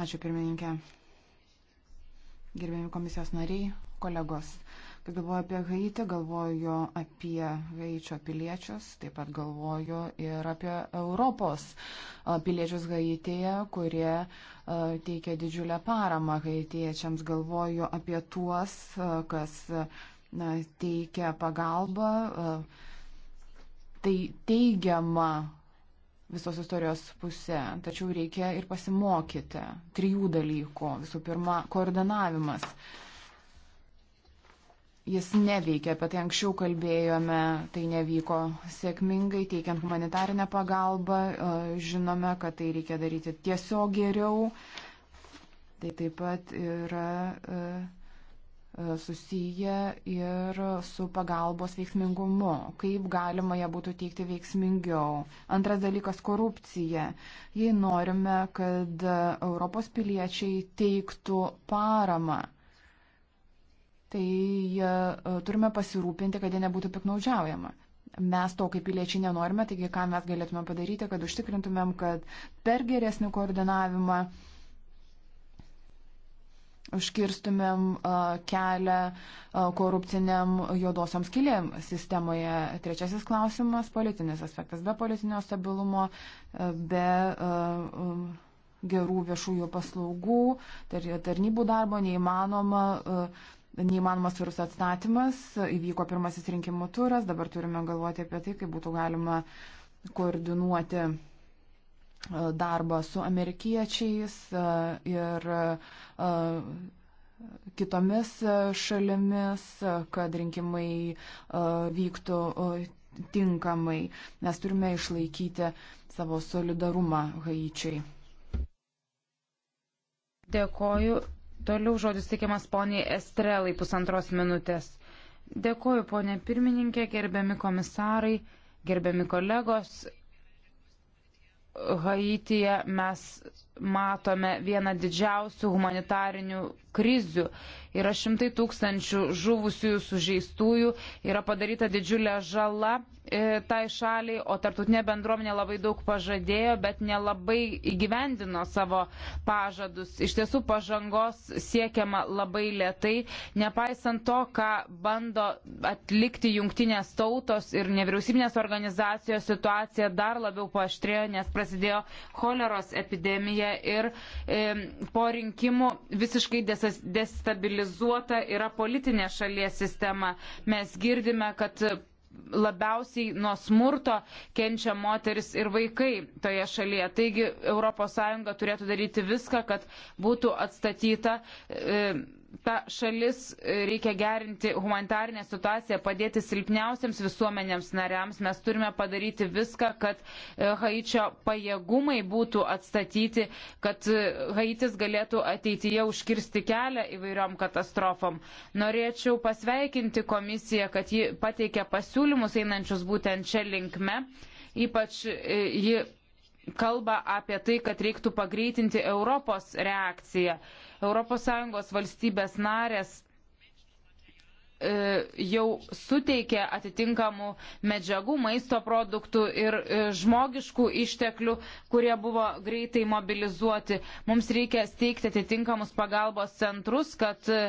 Ačiū pirmininkė. Gerbėjami komisijos nariai, kolegos. Kai galvoju apie Haitį, galvoju apie Haičio piliečius, taip pat galvoju ir apie Europos piliečius Haitėje, kurie teikia didžiulę paramą haitiečiams. Galvoju apie tuos, kas na, teikia pagalbą. Tai teigiama visos istorijos pusė, tačiau reikia ir pasimokyti trijų dalykų. Visų pirma, koordinavimas. Uh, jis neveikia, apie tai anksčiau kalbėjome, tai nevyko sėkmingai, teikiant humanitarinę pagalbą, e, žinome, kad tai reikia daryti tiesiog geriau. Tai taip pat yra e, e, susiję ir su pagalbos veiksmingumu, kaip galima ją būtų teikti veiksmingiau. Antras dalykas - korupcija. Jei norime, kad Europos piliečiai teiktų paramą tai e, turime pasirūpinti, kad jie nebūtų piknaudžiaujama. Mes to kaip piliečiai nenorime, taigi ką mes galėtume padaryti, kad užtikrintumėm, kad per geresnį koordinavimą užkirstumėm e, kelią e, korupciniam juodosiam skilėm sistemoje. Trečiasis klausimas - politinis aspektas. Be politinio stabilumo, be gerų viešųjų paslaugų, tarnybų darbo neįmanoma neįmanomas viruso atstatymas, įvyko pirmasis rinkimų turas, dabar turime galvoti apie tai, kaip būtų galima koordinuoti e, darbą su amerikiečiais e, ir e, kitomis šalimis, kad rinkimai vyktų tinkamai. Mes turime išlaikyti savo solidarumą Haičiai. Dėkoju. Toliau žodis teikiamas poniai Estrelai pusantros minutės. Dėkuoju, ponė pirmininkė, gerbiami komisarai, gerbiami kolegos. Haityje mes matome vieną didžiausių humanitarinių krizių. Yra šimtai tūkstančių žuvusiųjų, sužeistųjų, yra padaryta didžiulė žala e, tai šaliai, o tartutinė bendruomenė labai daug pažadėjo, bet nelabai įgyvendino savo pažadus. Iš tiesų pažangos siekiama labai lietai, nepaisant to, ką bando atlikti jungtinės tautos ir nevyriausybinės organizacijos situacija dar labiau paaštrėjo, nes prasidėjo choleros epidemija situacija ir e, po rinkimų visiškai destabilizuota yra politinė šalies sistema. Mes girdime, kad labiausiai nuo smurto kenčia moteris ir vaikai toje šalyje. Taigi ES turėtų daryti viską, kad būtų atstatyta e, ta šalis e, reikia gerinti humanitarinę situaciją, padėti silpniausiams visuomenėms nariams. Mes turime padaryti viską, kad e, Haičio pajėgumai būtų atstatyti, kad e, Haitis galėtų ateityje užkirsti kelią įvairiom katastrofom. Norėčiau pasveikinti komisiją, kad ji pateikė pasiūlymus einančius būtent čia linkme. Ypač ji kalba apie tai, kad reiktų pagreitinti Europos reakciją. ES valstybės narės e, jau suteikė atitinkamų medžiagų, maisto produktų ir e, žmogiškų išteklių, kurie buvo greitai mobilizuoti. Mums reikia steigti atitinkamus pagalbos centrus, kad e,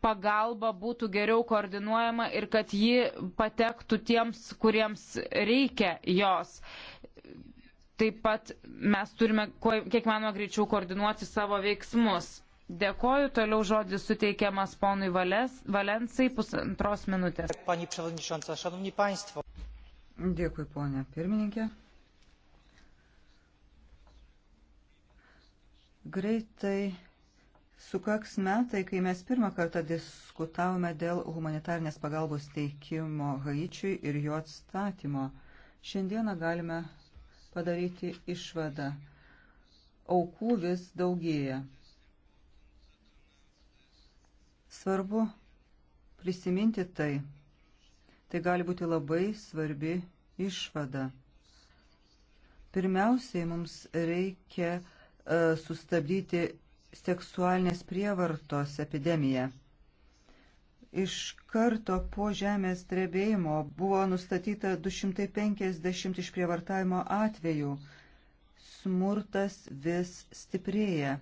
pagalba būtų geriau koordinuojama ir kad ji patektų tiems, kuriems reikia jos. Taip pat mes turime, kiek manoma, greičiau koordinuoti savo veiksmus. Dėkoju, toliau žodis suteikiamas ponui Vales, Valensai pusantros minutės. Dėkui, ponė pirmininkė. Greitai sukaks metai, kai mes pirmą kartą diskutavome dėl humanitarnės pagalbos teikimo Haičiui ir jo atstatymo. Šiandieną galime padaryti išvadą. Aukų vis daugėja. Svarbu prisiminti tai. Tai gali būti labai svarbi išvada. Pirmiausiai mums reikia uh, sustabdyti seksualinės prievartos epidemiją. Iš karto po žemės drebėjimo buvo nustatyta 250 išprievartavimo atvejų. Smurtas vis stiprėja.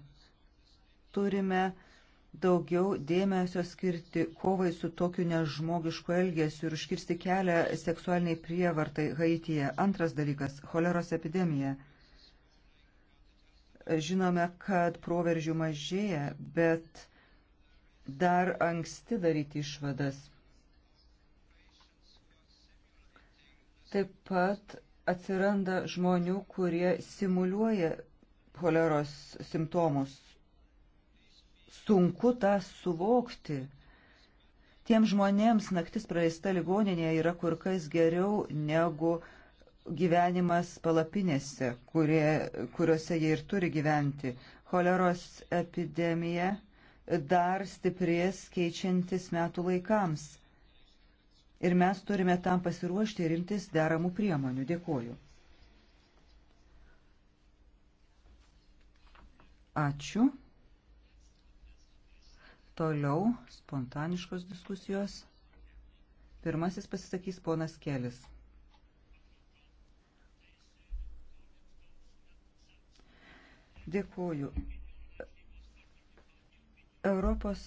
Turime uh, daugiau dėmesio skirti kovai su tokiu nežmogišku elgesiu ir užkirsti kelią seksualiniai prievartai Haityje. Antras dalykas - choleros epidemija. Žinome, kad proveržių mažėja, bet dar anksti daryti išvadas. Taip pat atsiranda žmonių, kurie simuliuoja choleros simptomus sunku tą suvokti. Tiem žmonėms naktis praeista ligoninėje yra kur kas geriau negu gyvenimas palapinėse, kurie, kuriuose jie ir turi gyventi. Choleros epidemija dar stiprės keičiantis metų laikams. Ir mes turime tam pasiruošti ir imtis deramų priemonių. Dėkoju. Ačiū. Toliau spontaniškos diskusijos. Pirmasis pasisakys ponas Kelis. Dėkuoju. Europos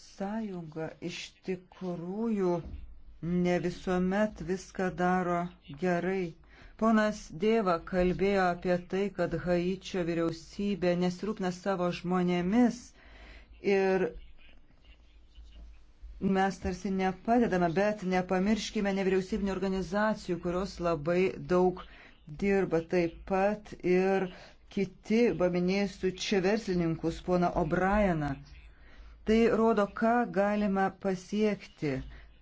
Sąjunga iš tikrųjų ne visuomet viską daro gerai. Ponas Dėva kalbėjo apie tai, kad Haičio vyriausybė nesirūpna savo žmonėmis ir mes tarsi nepadedame, bet nepamirškime nevyriausybinio organizacijų, kurios labai daug dirba taip pat ir kiti, paminėsiu čia verslininkus, pona O'Brieną. Tai rodo, ką galima pasiekti.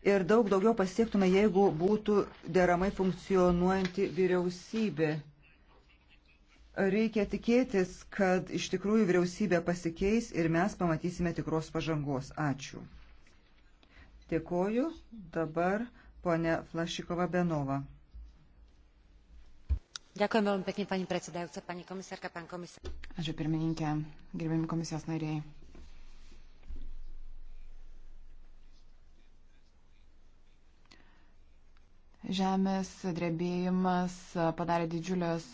Ir daug daugiau pasiektume, jeigu būtų deramai funkcionuojanti vyriausybė. Reikia tikėtis, kad iš tikrųjų vyriausybė pasikeis ir mes pamatysime tikros pažangos. Ačiū. Dėkoju. Dabar ponė Flašikova Benova. Ďakujem veľmi pekne, pani predsedajúca, pani komisárka, pán komisár. Ačiū pirmininkė, gerbėmi komisijos nariai. Žemės drebėjimas padarė didžiulės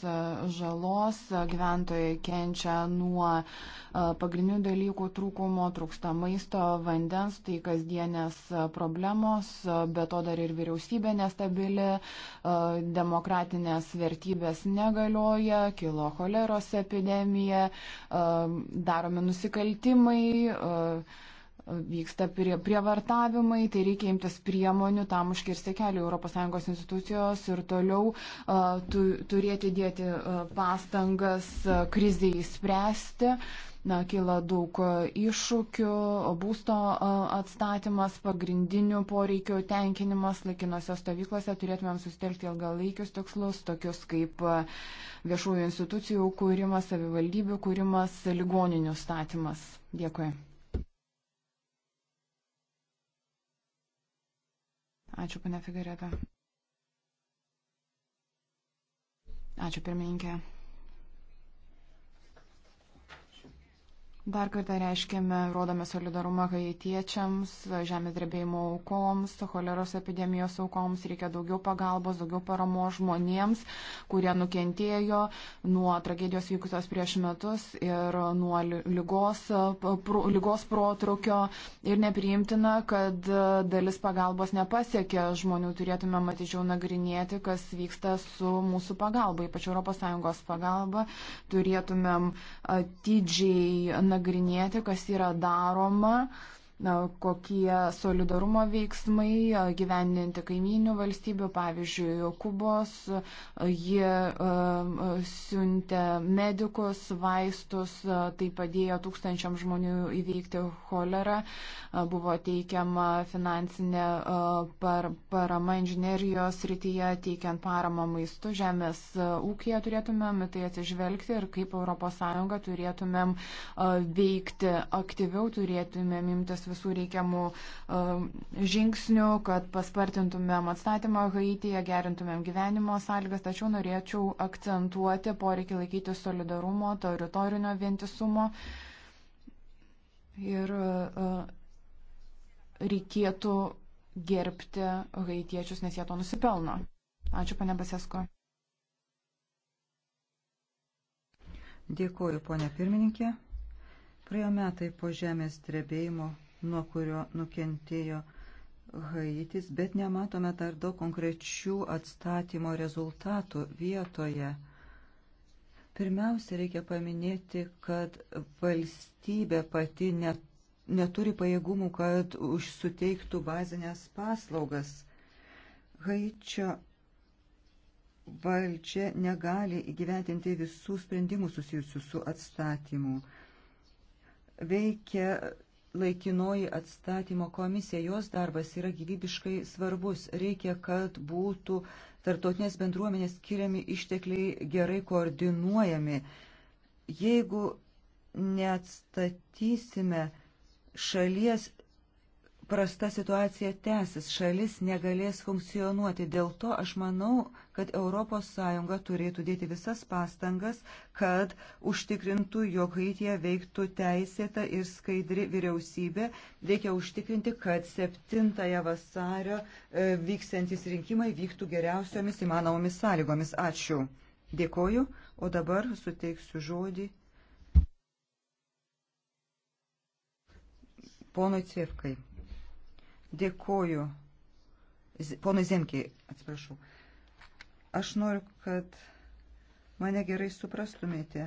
žalos, gyventojai kenčia nuo e, pagrindinių dalykų trūkumo, trūksta maisto, vandens, tai kasdienės problemos, be to dar ir vyriausybė nestabili, e, demokratinės vertybės negalioja, kilo choleros epidemija, e, daromi nusikaltimai vyksta prie, prievartavimai, tai reikia imtis priemonių tam užkirsti kelią. ES institucijos ir toliau uh, tu, turėti dėti uh, pastangas uh, kriziai spręsti. Na, kyla daug iššūkių, būsto atstatymas, pagrindinių poreikių tenkinimas, laikinose stovyklose turėtumėm sustelkti ilgalaikius tikslus, tokius kaip viešųjų institucijų kūrimas, savivaldybių kūrimas, ligoninių statymas. Dėkui. Ačiū, pane Figareta. Ačiū, pirmininkė. Dar kartą reiškėme, rodome solidarumą haitiečiams, žemės drebėjimo aukoms, choleros epidemijos aukoms, reikia daugiau pagalbos, daugiau paramos žmonėms, kurie nukentėjo nuo tragedijos vykusios prieš metus ir nuo lygos, lygos protrukio. Ir nepriimtina, kad dalis pagalbos nepasiekė žmonių, turėtume matydžiau nagrinėti, kas vyksta su mūsų pagalba, ypač ES pagalba, turėtumėm atidžiai nagrinėti nagrinėti, kas yra daroma kokie solidarumo veiksmai gyveninti kaiminių valstybių, pavyzdžiui, Kubos, jie siuntė medikus, vaistus, tai padėjo tūkstančiam žmonių įveikti cholerą, buvo teikiama finansinė par, parama inžinerijos rytyje, teikiant paramą maistu, žemės ūkija turėtumėm tai atsižvelgti ir kaip ES turėtumėm veikti aktyviau, turėtumėm imtis visų reikiamų um, žingsnių, kad paspartintumėm atstatymą Haityje, gerintumėm gyvenimo sąlygas, tačiau norėčiau akcentuoti poreikį laikyti solidarumo, teritorinio vientisumo. Ir uh, reikėtų gerbti haitiečius, nes jie to nusipelno. Ačiū, pane Basesko. Dėkuoju, ponė pirmininkė. Praėjo metai po žemės drebėjimo nuo kurio nukentėjo Haitis, bet nematome dar daug konkrečių atstatymo rezultatų vietoje. Pirmiausia, reikia paminėti, kad valstybė pati net, neturi pajėgumų, kad užsuteiktų bazinės paslaugas. Haičio valdžia negali įgyventinti visų sprendimų susijusių su atstatymu. Veikia laikinoji atstatymo komisija, jos darbas yra gyvybiškai svarbus. Reikia, kad būtų tartotinės bendruomenės skiriami ištekliai gerai koordinuojami. Jeigu neatstatysime šalies prasta situacija tęsis, šalis negalės funkcionuoti. Dėl to aš manau, kad ES turėtų dėti visas pastangas, kad užtikrintų, jog Haitija veiktų teisėta ir skaidri vyriausybė. Reikia užtikrinti, kad 7 vasario e, vyksiantis rinkimai vyktų geriausiomis įmanomomis sąlygomis. Ačiū. Dėkoju, o dabar suteiksiu žodį ponui Cievkai. Dėkoju. Pono Zemkiai, atsiprašau. Aš noriu, kad mane gerai suprastumėte.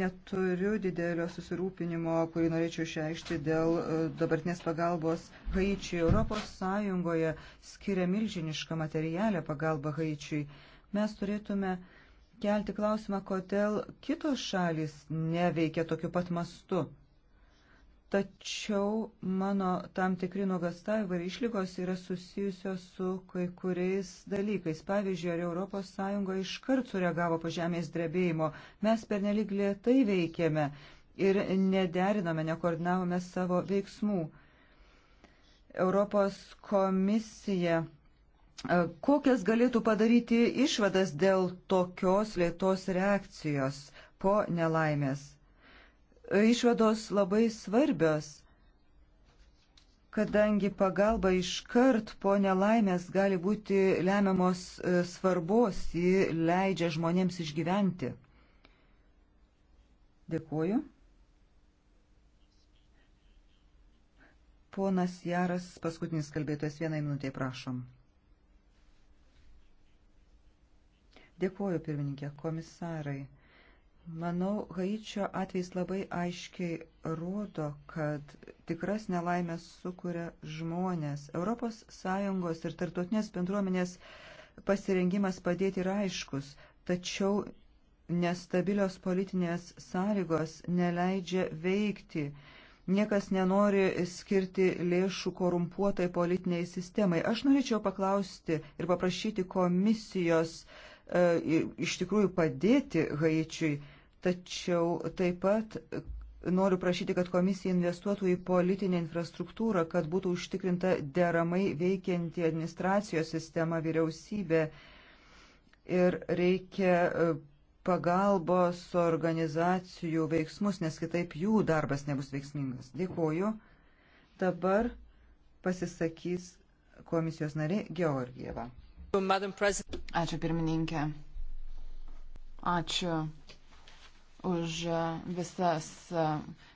Neturiu didelio susirūpinimo, kurį norėčiau išreikšti dėl e, dabartinės pagalbos Haičiai. Europos Sąjungoje skiria milžinišką materialę pagalbą Haičiai. Mes turėtume kelti klausimą, kodėl kitos šalis neveikia tokiu pat mastu. Tačiau mano tam tikri nuogastavimai ir išlygos yra susijusios su kai kuriais dalykais. Pavyzdžiui, ar ES iškart sureagavo po žemės drebėjimo. Mes pernelyg lietai veikėme ir nederinome, nekoordinavome savo veiksmų. Europos komisija. E, kokias galėtų padaryti išvadas dėl tokios lėtos reakcijos po nelaimės? išvados labai svarbios, kadangi pagalba iškart po nelaimės gali būti lemiamos e, svarbos, ji leidžia žmonėms išgyventi. Dėkuoju. Ponas Jaras, paskutinis kalbėtojas, vienai minutė, prašom. Dėkuoju, pirmininkė, komisarai. Manau, Haičio atvejs labai aiškiai rodo, kad tikras nelaimės sukuria žmonės. ES ir tartutinės bendruomenės pasirengimas padėti yra aiškus, tačiau nestabilios politinės sąlygos neleidžia veikti. Niekas nenori skirti lėšų korumpuotai politiniai sistemai. Aš norėčiau paklausti ir paprašyti komisijos e, iš tikrųjų padėti Haičiui Tačiau taip pat noriu prašyti, kad komisija investuotų į politinę infrastruktūrą, kad būtų užtikrinta deramai veikianti administracijos sistema vyriausybė. Ir reikia e, pagalbos organizacijų veiksmus, nes kitaip jų darbas nebus veiksmingas. Dėkuoju. Dabar pasisakys komisijos narė Georgieva. Ačiū pirmininkė. Ačiū už e, visas e,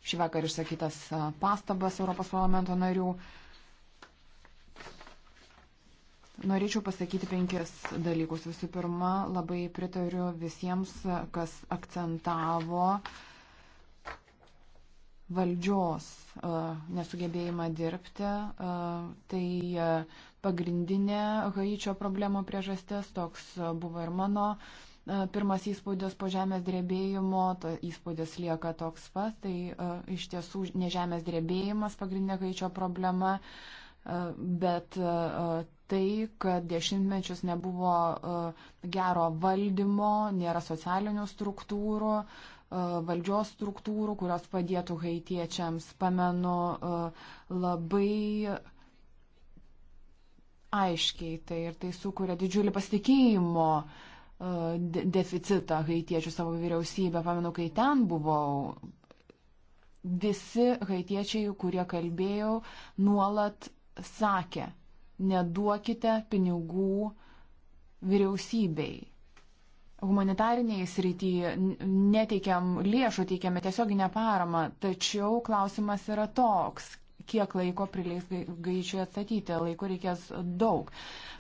šį vakar išsakytas e, pastabas Europos parlamento narių. Norėčiau pasakyti penkis dalykus. Visų pirma, labai pritariu visiems, kas akcentavo valdžios nesugebėjimą dirbti. Tai pagrindinė Haičio problemo priežastis, toks buvo ir mano pirmas įspūdis po žemės drebėjimo, to įspūdis lieka toks pat, tai iš tiesų ne žemės drebėjimas pagrindinė gaičio problema, bet tai, kad dešimtmečius nebuvo gero valdymo, nėra socialinių struktūrų, valdžios struktūrų, kurios padėtų haitiečiams. Pamenu labai aiškiai tai ir tai sukuria didžiulį pasitikėjimo uh, E, deficitą haitiečių savo vyriausybę. Pamenu, kai ten buvau, visi haitiečiai, kurie kalbėjau, nuolat sakė, neduokite pinigų vyriausybei. Humanitariniai srityje neteikiam lėšų, teikiame tiesioginę paramą, tačiau klausimas yra toks, kiek laiko prileiks gaičiui atstatyti, laiko reikės daug,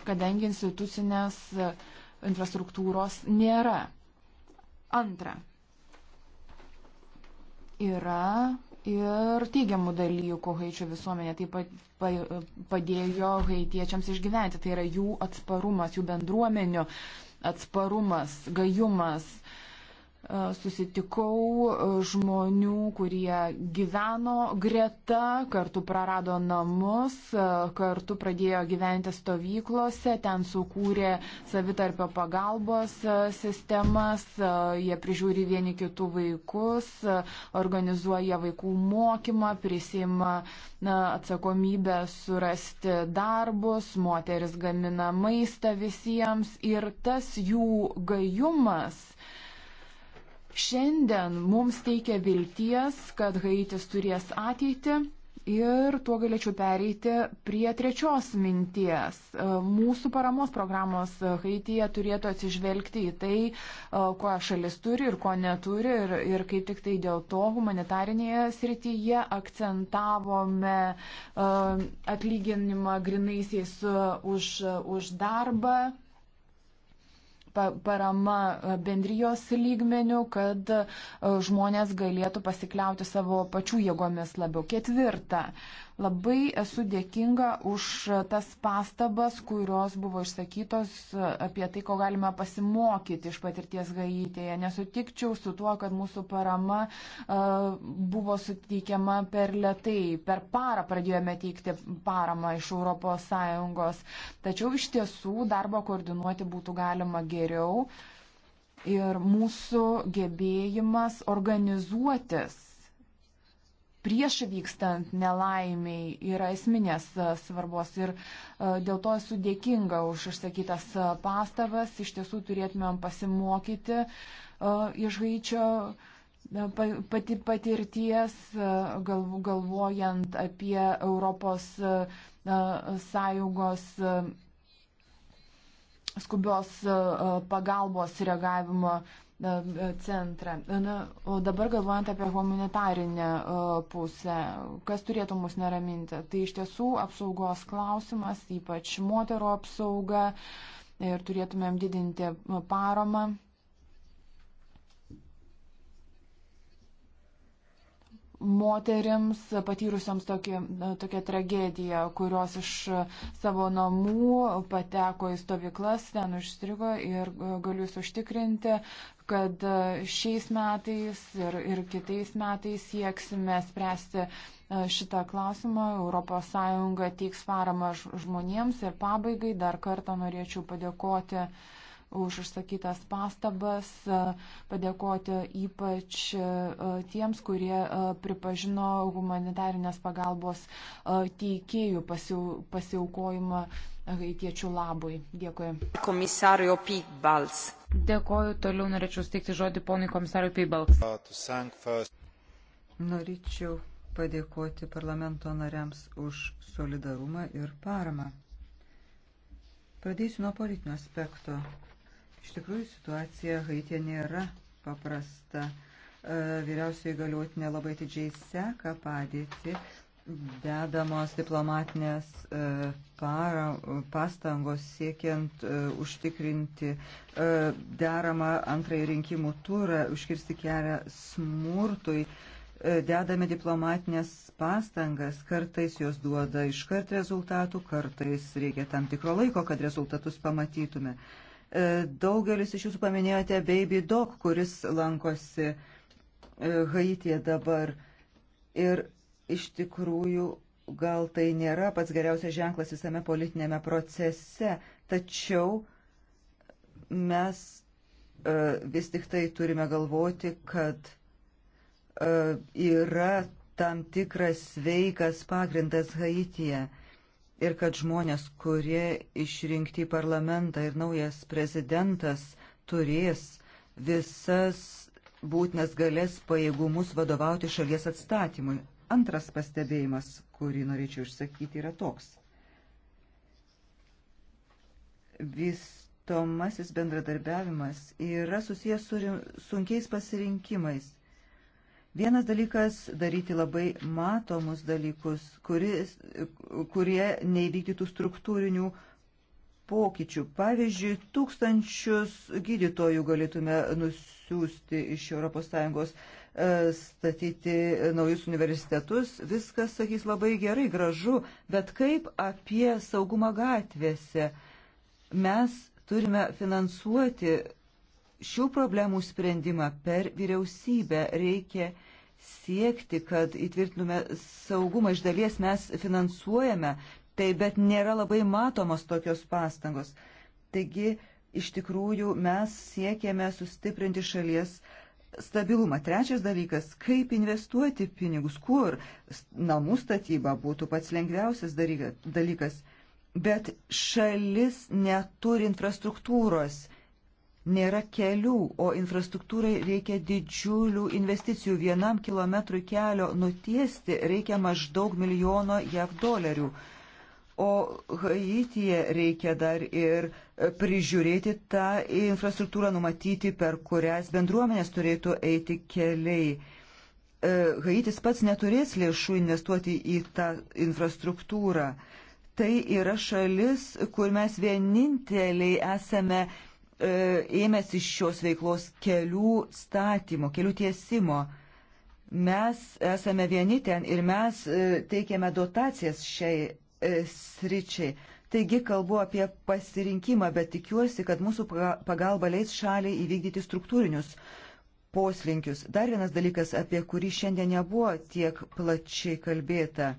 kadangi institucinės uh, infrastruktūros nėra. Antra, yra ir teigiamų dalykų Haičio visuomenė, taip pat padėjo haitiečiams išgyventi, tai yra jų atsparumas, jų bendruomenių atsparumas, gajumas. Uh, E, susitikau e, žmonių, kurie gyveno greta, kartu prarado namus, e, kartu pradėjo gyventi stovyklose, ten sukūrė savitarpio pagalbos sistemas, jie prižiūri vieni kitų vaikus, organizuoja vaikų mokymą, prisima atsakomybę surasti darbus, moteris gamina maistą visiems ir tas jų gajumas, šiandien mums teikia vilties, kad Haitis turės ateitį. Ir tuo galėčiau pereiti prie trečios minties. E, mūsų paramos programos Haityje turėtų atsižvelgti į tai, e, ko šalis turi ir ko neturi. Ir, ir kaip tik tai dėl to humanitarinėje srityje akcentavome e, atlyginimą grinaisiais už, už darbą parama e, bendrijos lygmenių, kad e, žmonės galėtų pasikliauti savo pačių jėgomis labiau. Ketvirta, Labai esu dėkinga už tas pastabas, kurios buvo išsakytos apie tai, ko galime pasimokyti iš patirties Gaitėje. Nesutikčiau su tuo, kad mūsų parama e, buvo suteikiama per lietai. Per parą pradėjome teikti paramą iš ES. Tačiau iš tiesų darbą koordinuoti būtų galima geriau ir mūsų gebėjimas organizuotis prieš vykstant nelaimiai yra esminės e, svarbos ir e, dėl to esu dėkinga už išsakytas e, pastabas. Iš tiesų turėtumėm pasimokyti iš haičio pati patirties, galvojant apie Europos sąjungos skubios pagalbos reagavimo E, centrą. E, na, o dabar galvojant apie humanitarinę e, pusę, kas turėtų mus neraminti, tai iš tiesų apsaugos klausimas, ypač moterų apsauga ir turėtumėm didinti paramą moterims patyrusioms tokį, tokią tragediją, kurios iš savo namų pateko į stovyklas, ten užstrigo ir e, galiu jūs užtikrinti, kad e, šiais metais ir, ir kitais metais sieksime spręsti e, šitą klausimą. ES teiks paramą žmonėms ir pabaigai dar kartą norėčiau padėkoti uh, už išsakytas pastabas, e, padėkoti ypač e, tiems, kurie e, pripažino humanitarinės pagalbos teikėjų pasiaukojimą haitiečių labui. Dėkui. Komisario Pygbalts. Dėkoju, toliau norėčiau steikti žodį ponui komisariu Pygbalts. Norėčiau padėkoti parlamento nariams už solidarumą ir paramą. Pradėsiu nuo politinio aspekto. Iš tikrųjų, situacija Haitė nėra paprasta. E, Vyriausiai galiotinė labai didžiai seka padėti, dedamos diplomatinės e, para, pastangos siekiant e, užtikrinti deramą antrąjį rinkimų turą, užkirsti kelią smurtui. Dedame diplomatinės pastangas, kartais jos duoda iškart rezultatų, kartais reikia tam tikro laiko, kad rezultatus pamatytume. Uh, E, daugelis iš jūsų paminėjote Baby Dog, kuris lankosi e, Haitie dabar. Ir iš tikrųjų gal tai nėra pats geriausias ženklas visame politinėme procese, tačiau mes e, vis tik tai turime galvoti, kad yra tam tikras sveikas pagrindas Haityje ir kad žmonės, kurie išrinkti į parlamentą ir naujas prezidentas turės visas būtinas galės pajėgumus vadovauti šalies atstatymui. Antras pastebėjimas, kurį norėčiau išsakyti, yra toks. Vystomasis bendradarbiavimas yra susijęs su sunkiais pasirinkimais – Vienas dalykas - daryti labai matomus dalykus, kuris, kurie neįvykdytų struktūrinių pokyčių. Pavyzdžiui, tūkstančius gydytojų galėtume nusiųsti iš ES, e, statyti naujus universitetus. Viskas, sakys, labai gerai, gražu, bet kaip apie saugumą gatvėse? Mes turime finansuoti šių problemų sprendimą per vyriausybę reikia siekti, kad įtvirtinume saugumą iš dalies mes finansuojame, tai bet nėra labai matomos tokios pastangos. Taigi, iš tikrųjų, mes siekėme sustiprinti šalies stabilumą. Trečias dalykas - kaip investuoti pinigus, kur namų statyba būtų pats lengviausias dalykas. Bet šalis neturi infrastruktūros nėra kelių, o infrastruktūrai reikia didžiulių investicijų. Vienam kilometrui kelio nutiesti reikia maždaug milijono jav dolerių. O Haityje reikia dar ir prižiūrėti tą infrastruktūrą, numatyti, per kurias bendruomenės turėtų eiti keliai. E, Haitis pats neturės lėšų investuoti į tą infrastruktūrą. Tai yra šalis, kur mes vieninteliai esame E, ėmėsi šios veiklos kelių statymo, kelių tiesimo. Mes esame vieni ten ir mes e, teikiame dotacijas šiai e, sričiai. Taigi kalbu apie pasirinkimą, bet tikiuosi, kad mūsų pagalba leis šaliai įvykdyti struktūrinius poslinkius. Dar vienas dalykas, apie kurį šiandien nebuvo tiek plačiai kalbėta.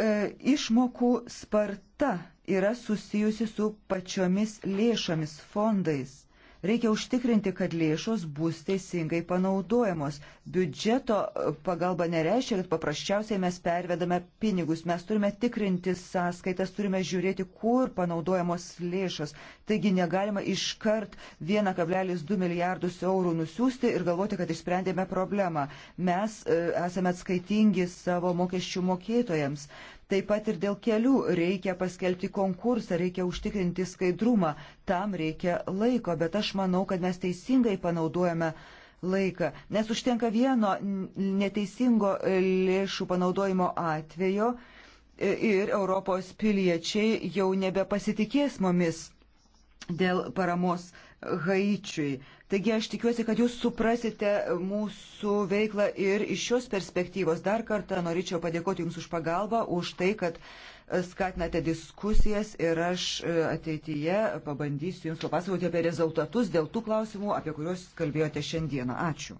E, išmokų sparta yra susijusi su pačiomis lėšomis, fondais. Reikia užtikrinti, kad lėšos bus teisingai panaudojamos. Biudžeto e, pagalba nereiškia, kad paprasčiausiai mes pervedame pinigus. Mes turime tikrinti sąskaitas, turime žiūrėti, kur panaudojamos lėšos. Taigi negalima iškart 1,2 milijardus eurų nusiųsti ir galvoti, kad išsprendėme problemą. Mes e, esame atskaitingi savo mokesčių mokėtojams. Taip pat ir dėl kelių reikia paskelbti konkursą, reikia užtikrinti skaidrumą, tam reikia laiko, bet aš manau, kad mes teisingai panaudojame laiką, nes užtenka vieno neteisingo lėšų panaudojimo atvejo ir Europos piliečiai jau nebepasitikės mumis dėl paramos Haičiui. Taigi aš tikiuosi, kad jūs suprasite mūsų veiklą ir iš šios perspektyvos. Dar kartą norėčiau padėkoti Jums už pagalbą, už tai, kad e, skatinate diskusijas ir aš e, ateityje pabandysiu Jums papasakoti apie rezultatus dėl tų klausimų, apie kuriuos kalbėjote šiandieną. Ačiū.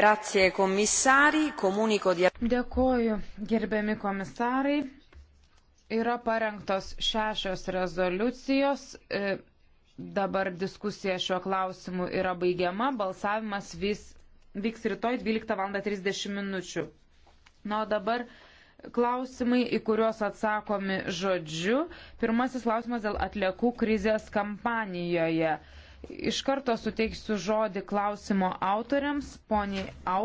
Grazie, komisari, komuniko di... Dėkoju, gerbiami komisarai. Yra parengtos šešios rezoliucijos. E, Dabar diskusija šiuo klausimu yra baigiama, balsavimas vis, vyks rytoj 12.30 minučių. Na, o dabar klausimai, į kuriuos atsakomi žodžiu. Pirmasis klausimas dėl atliekų krizės kampanijoje. Iš karto suteiksiu žodį klausimo autoriams, poniai Au.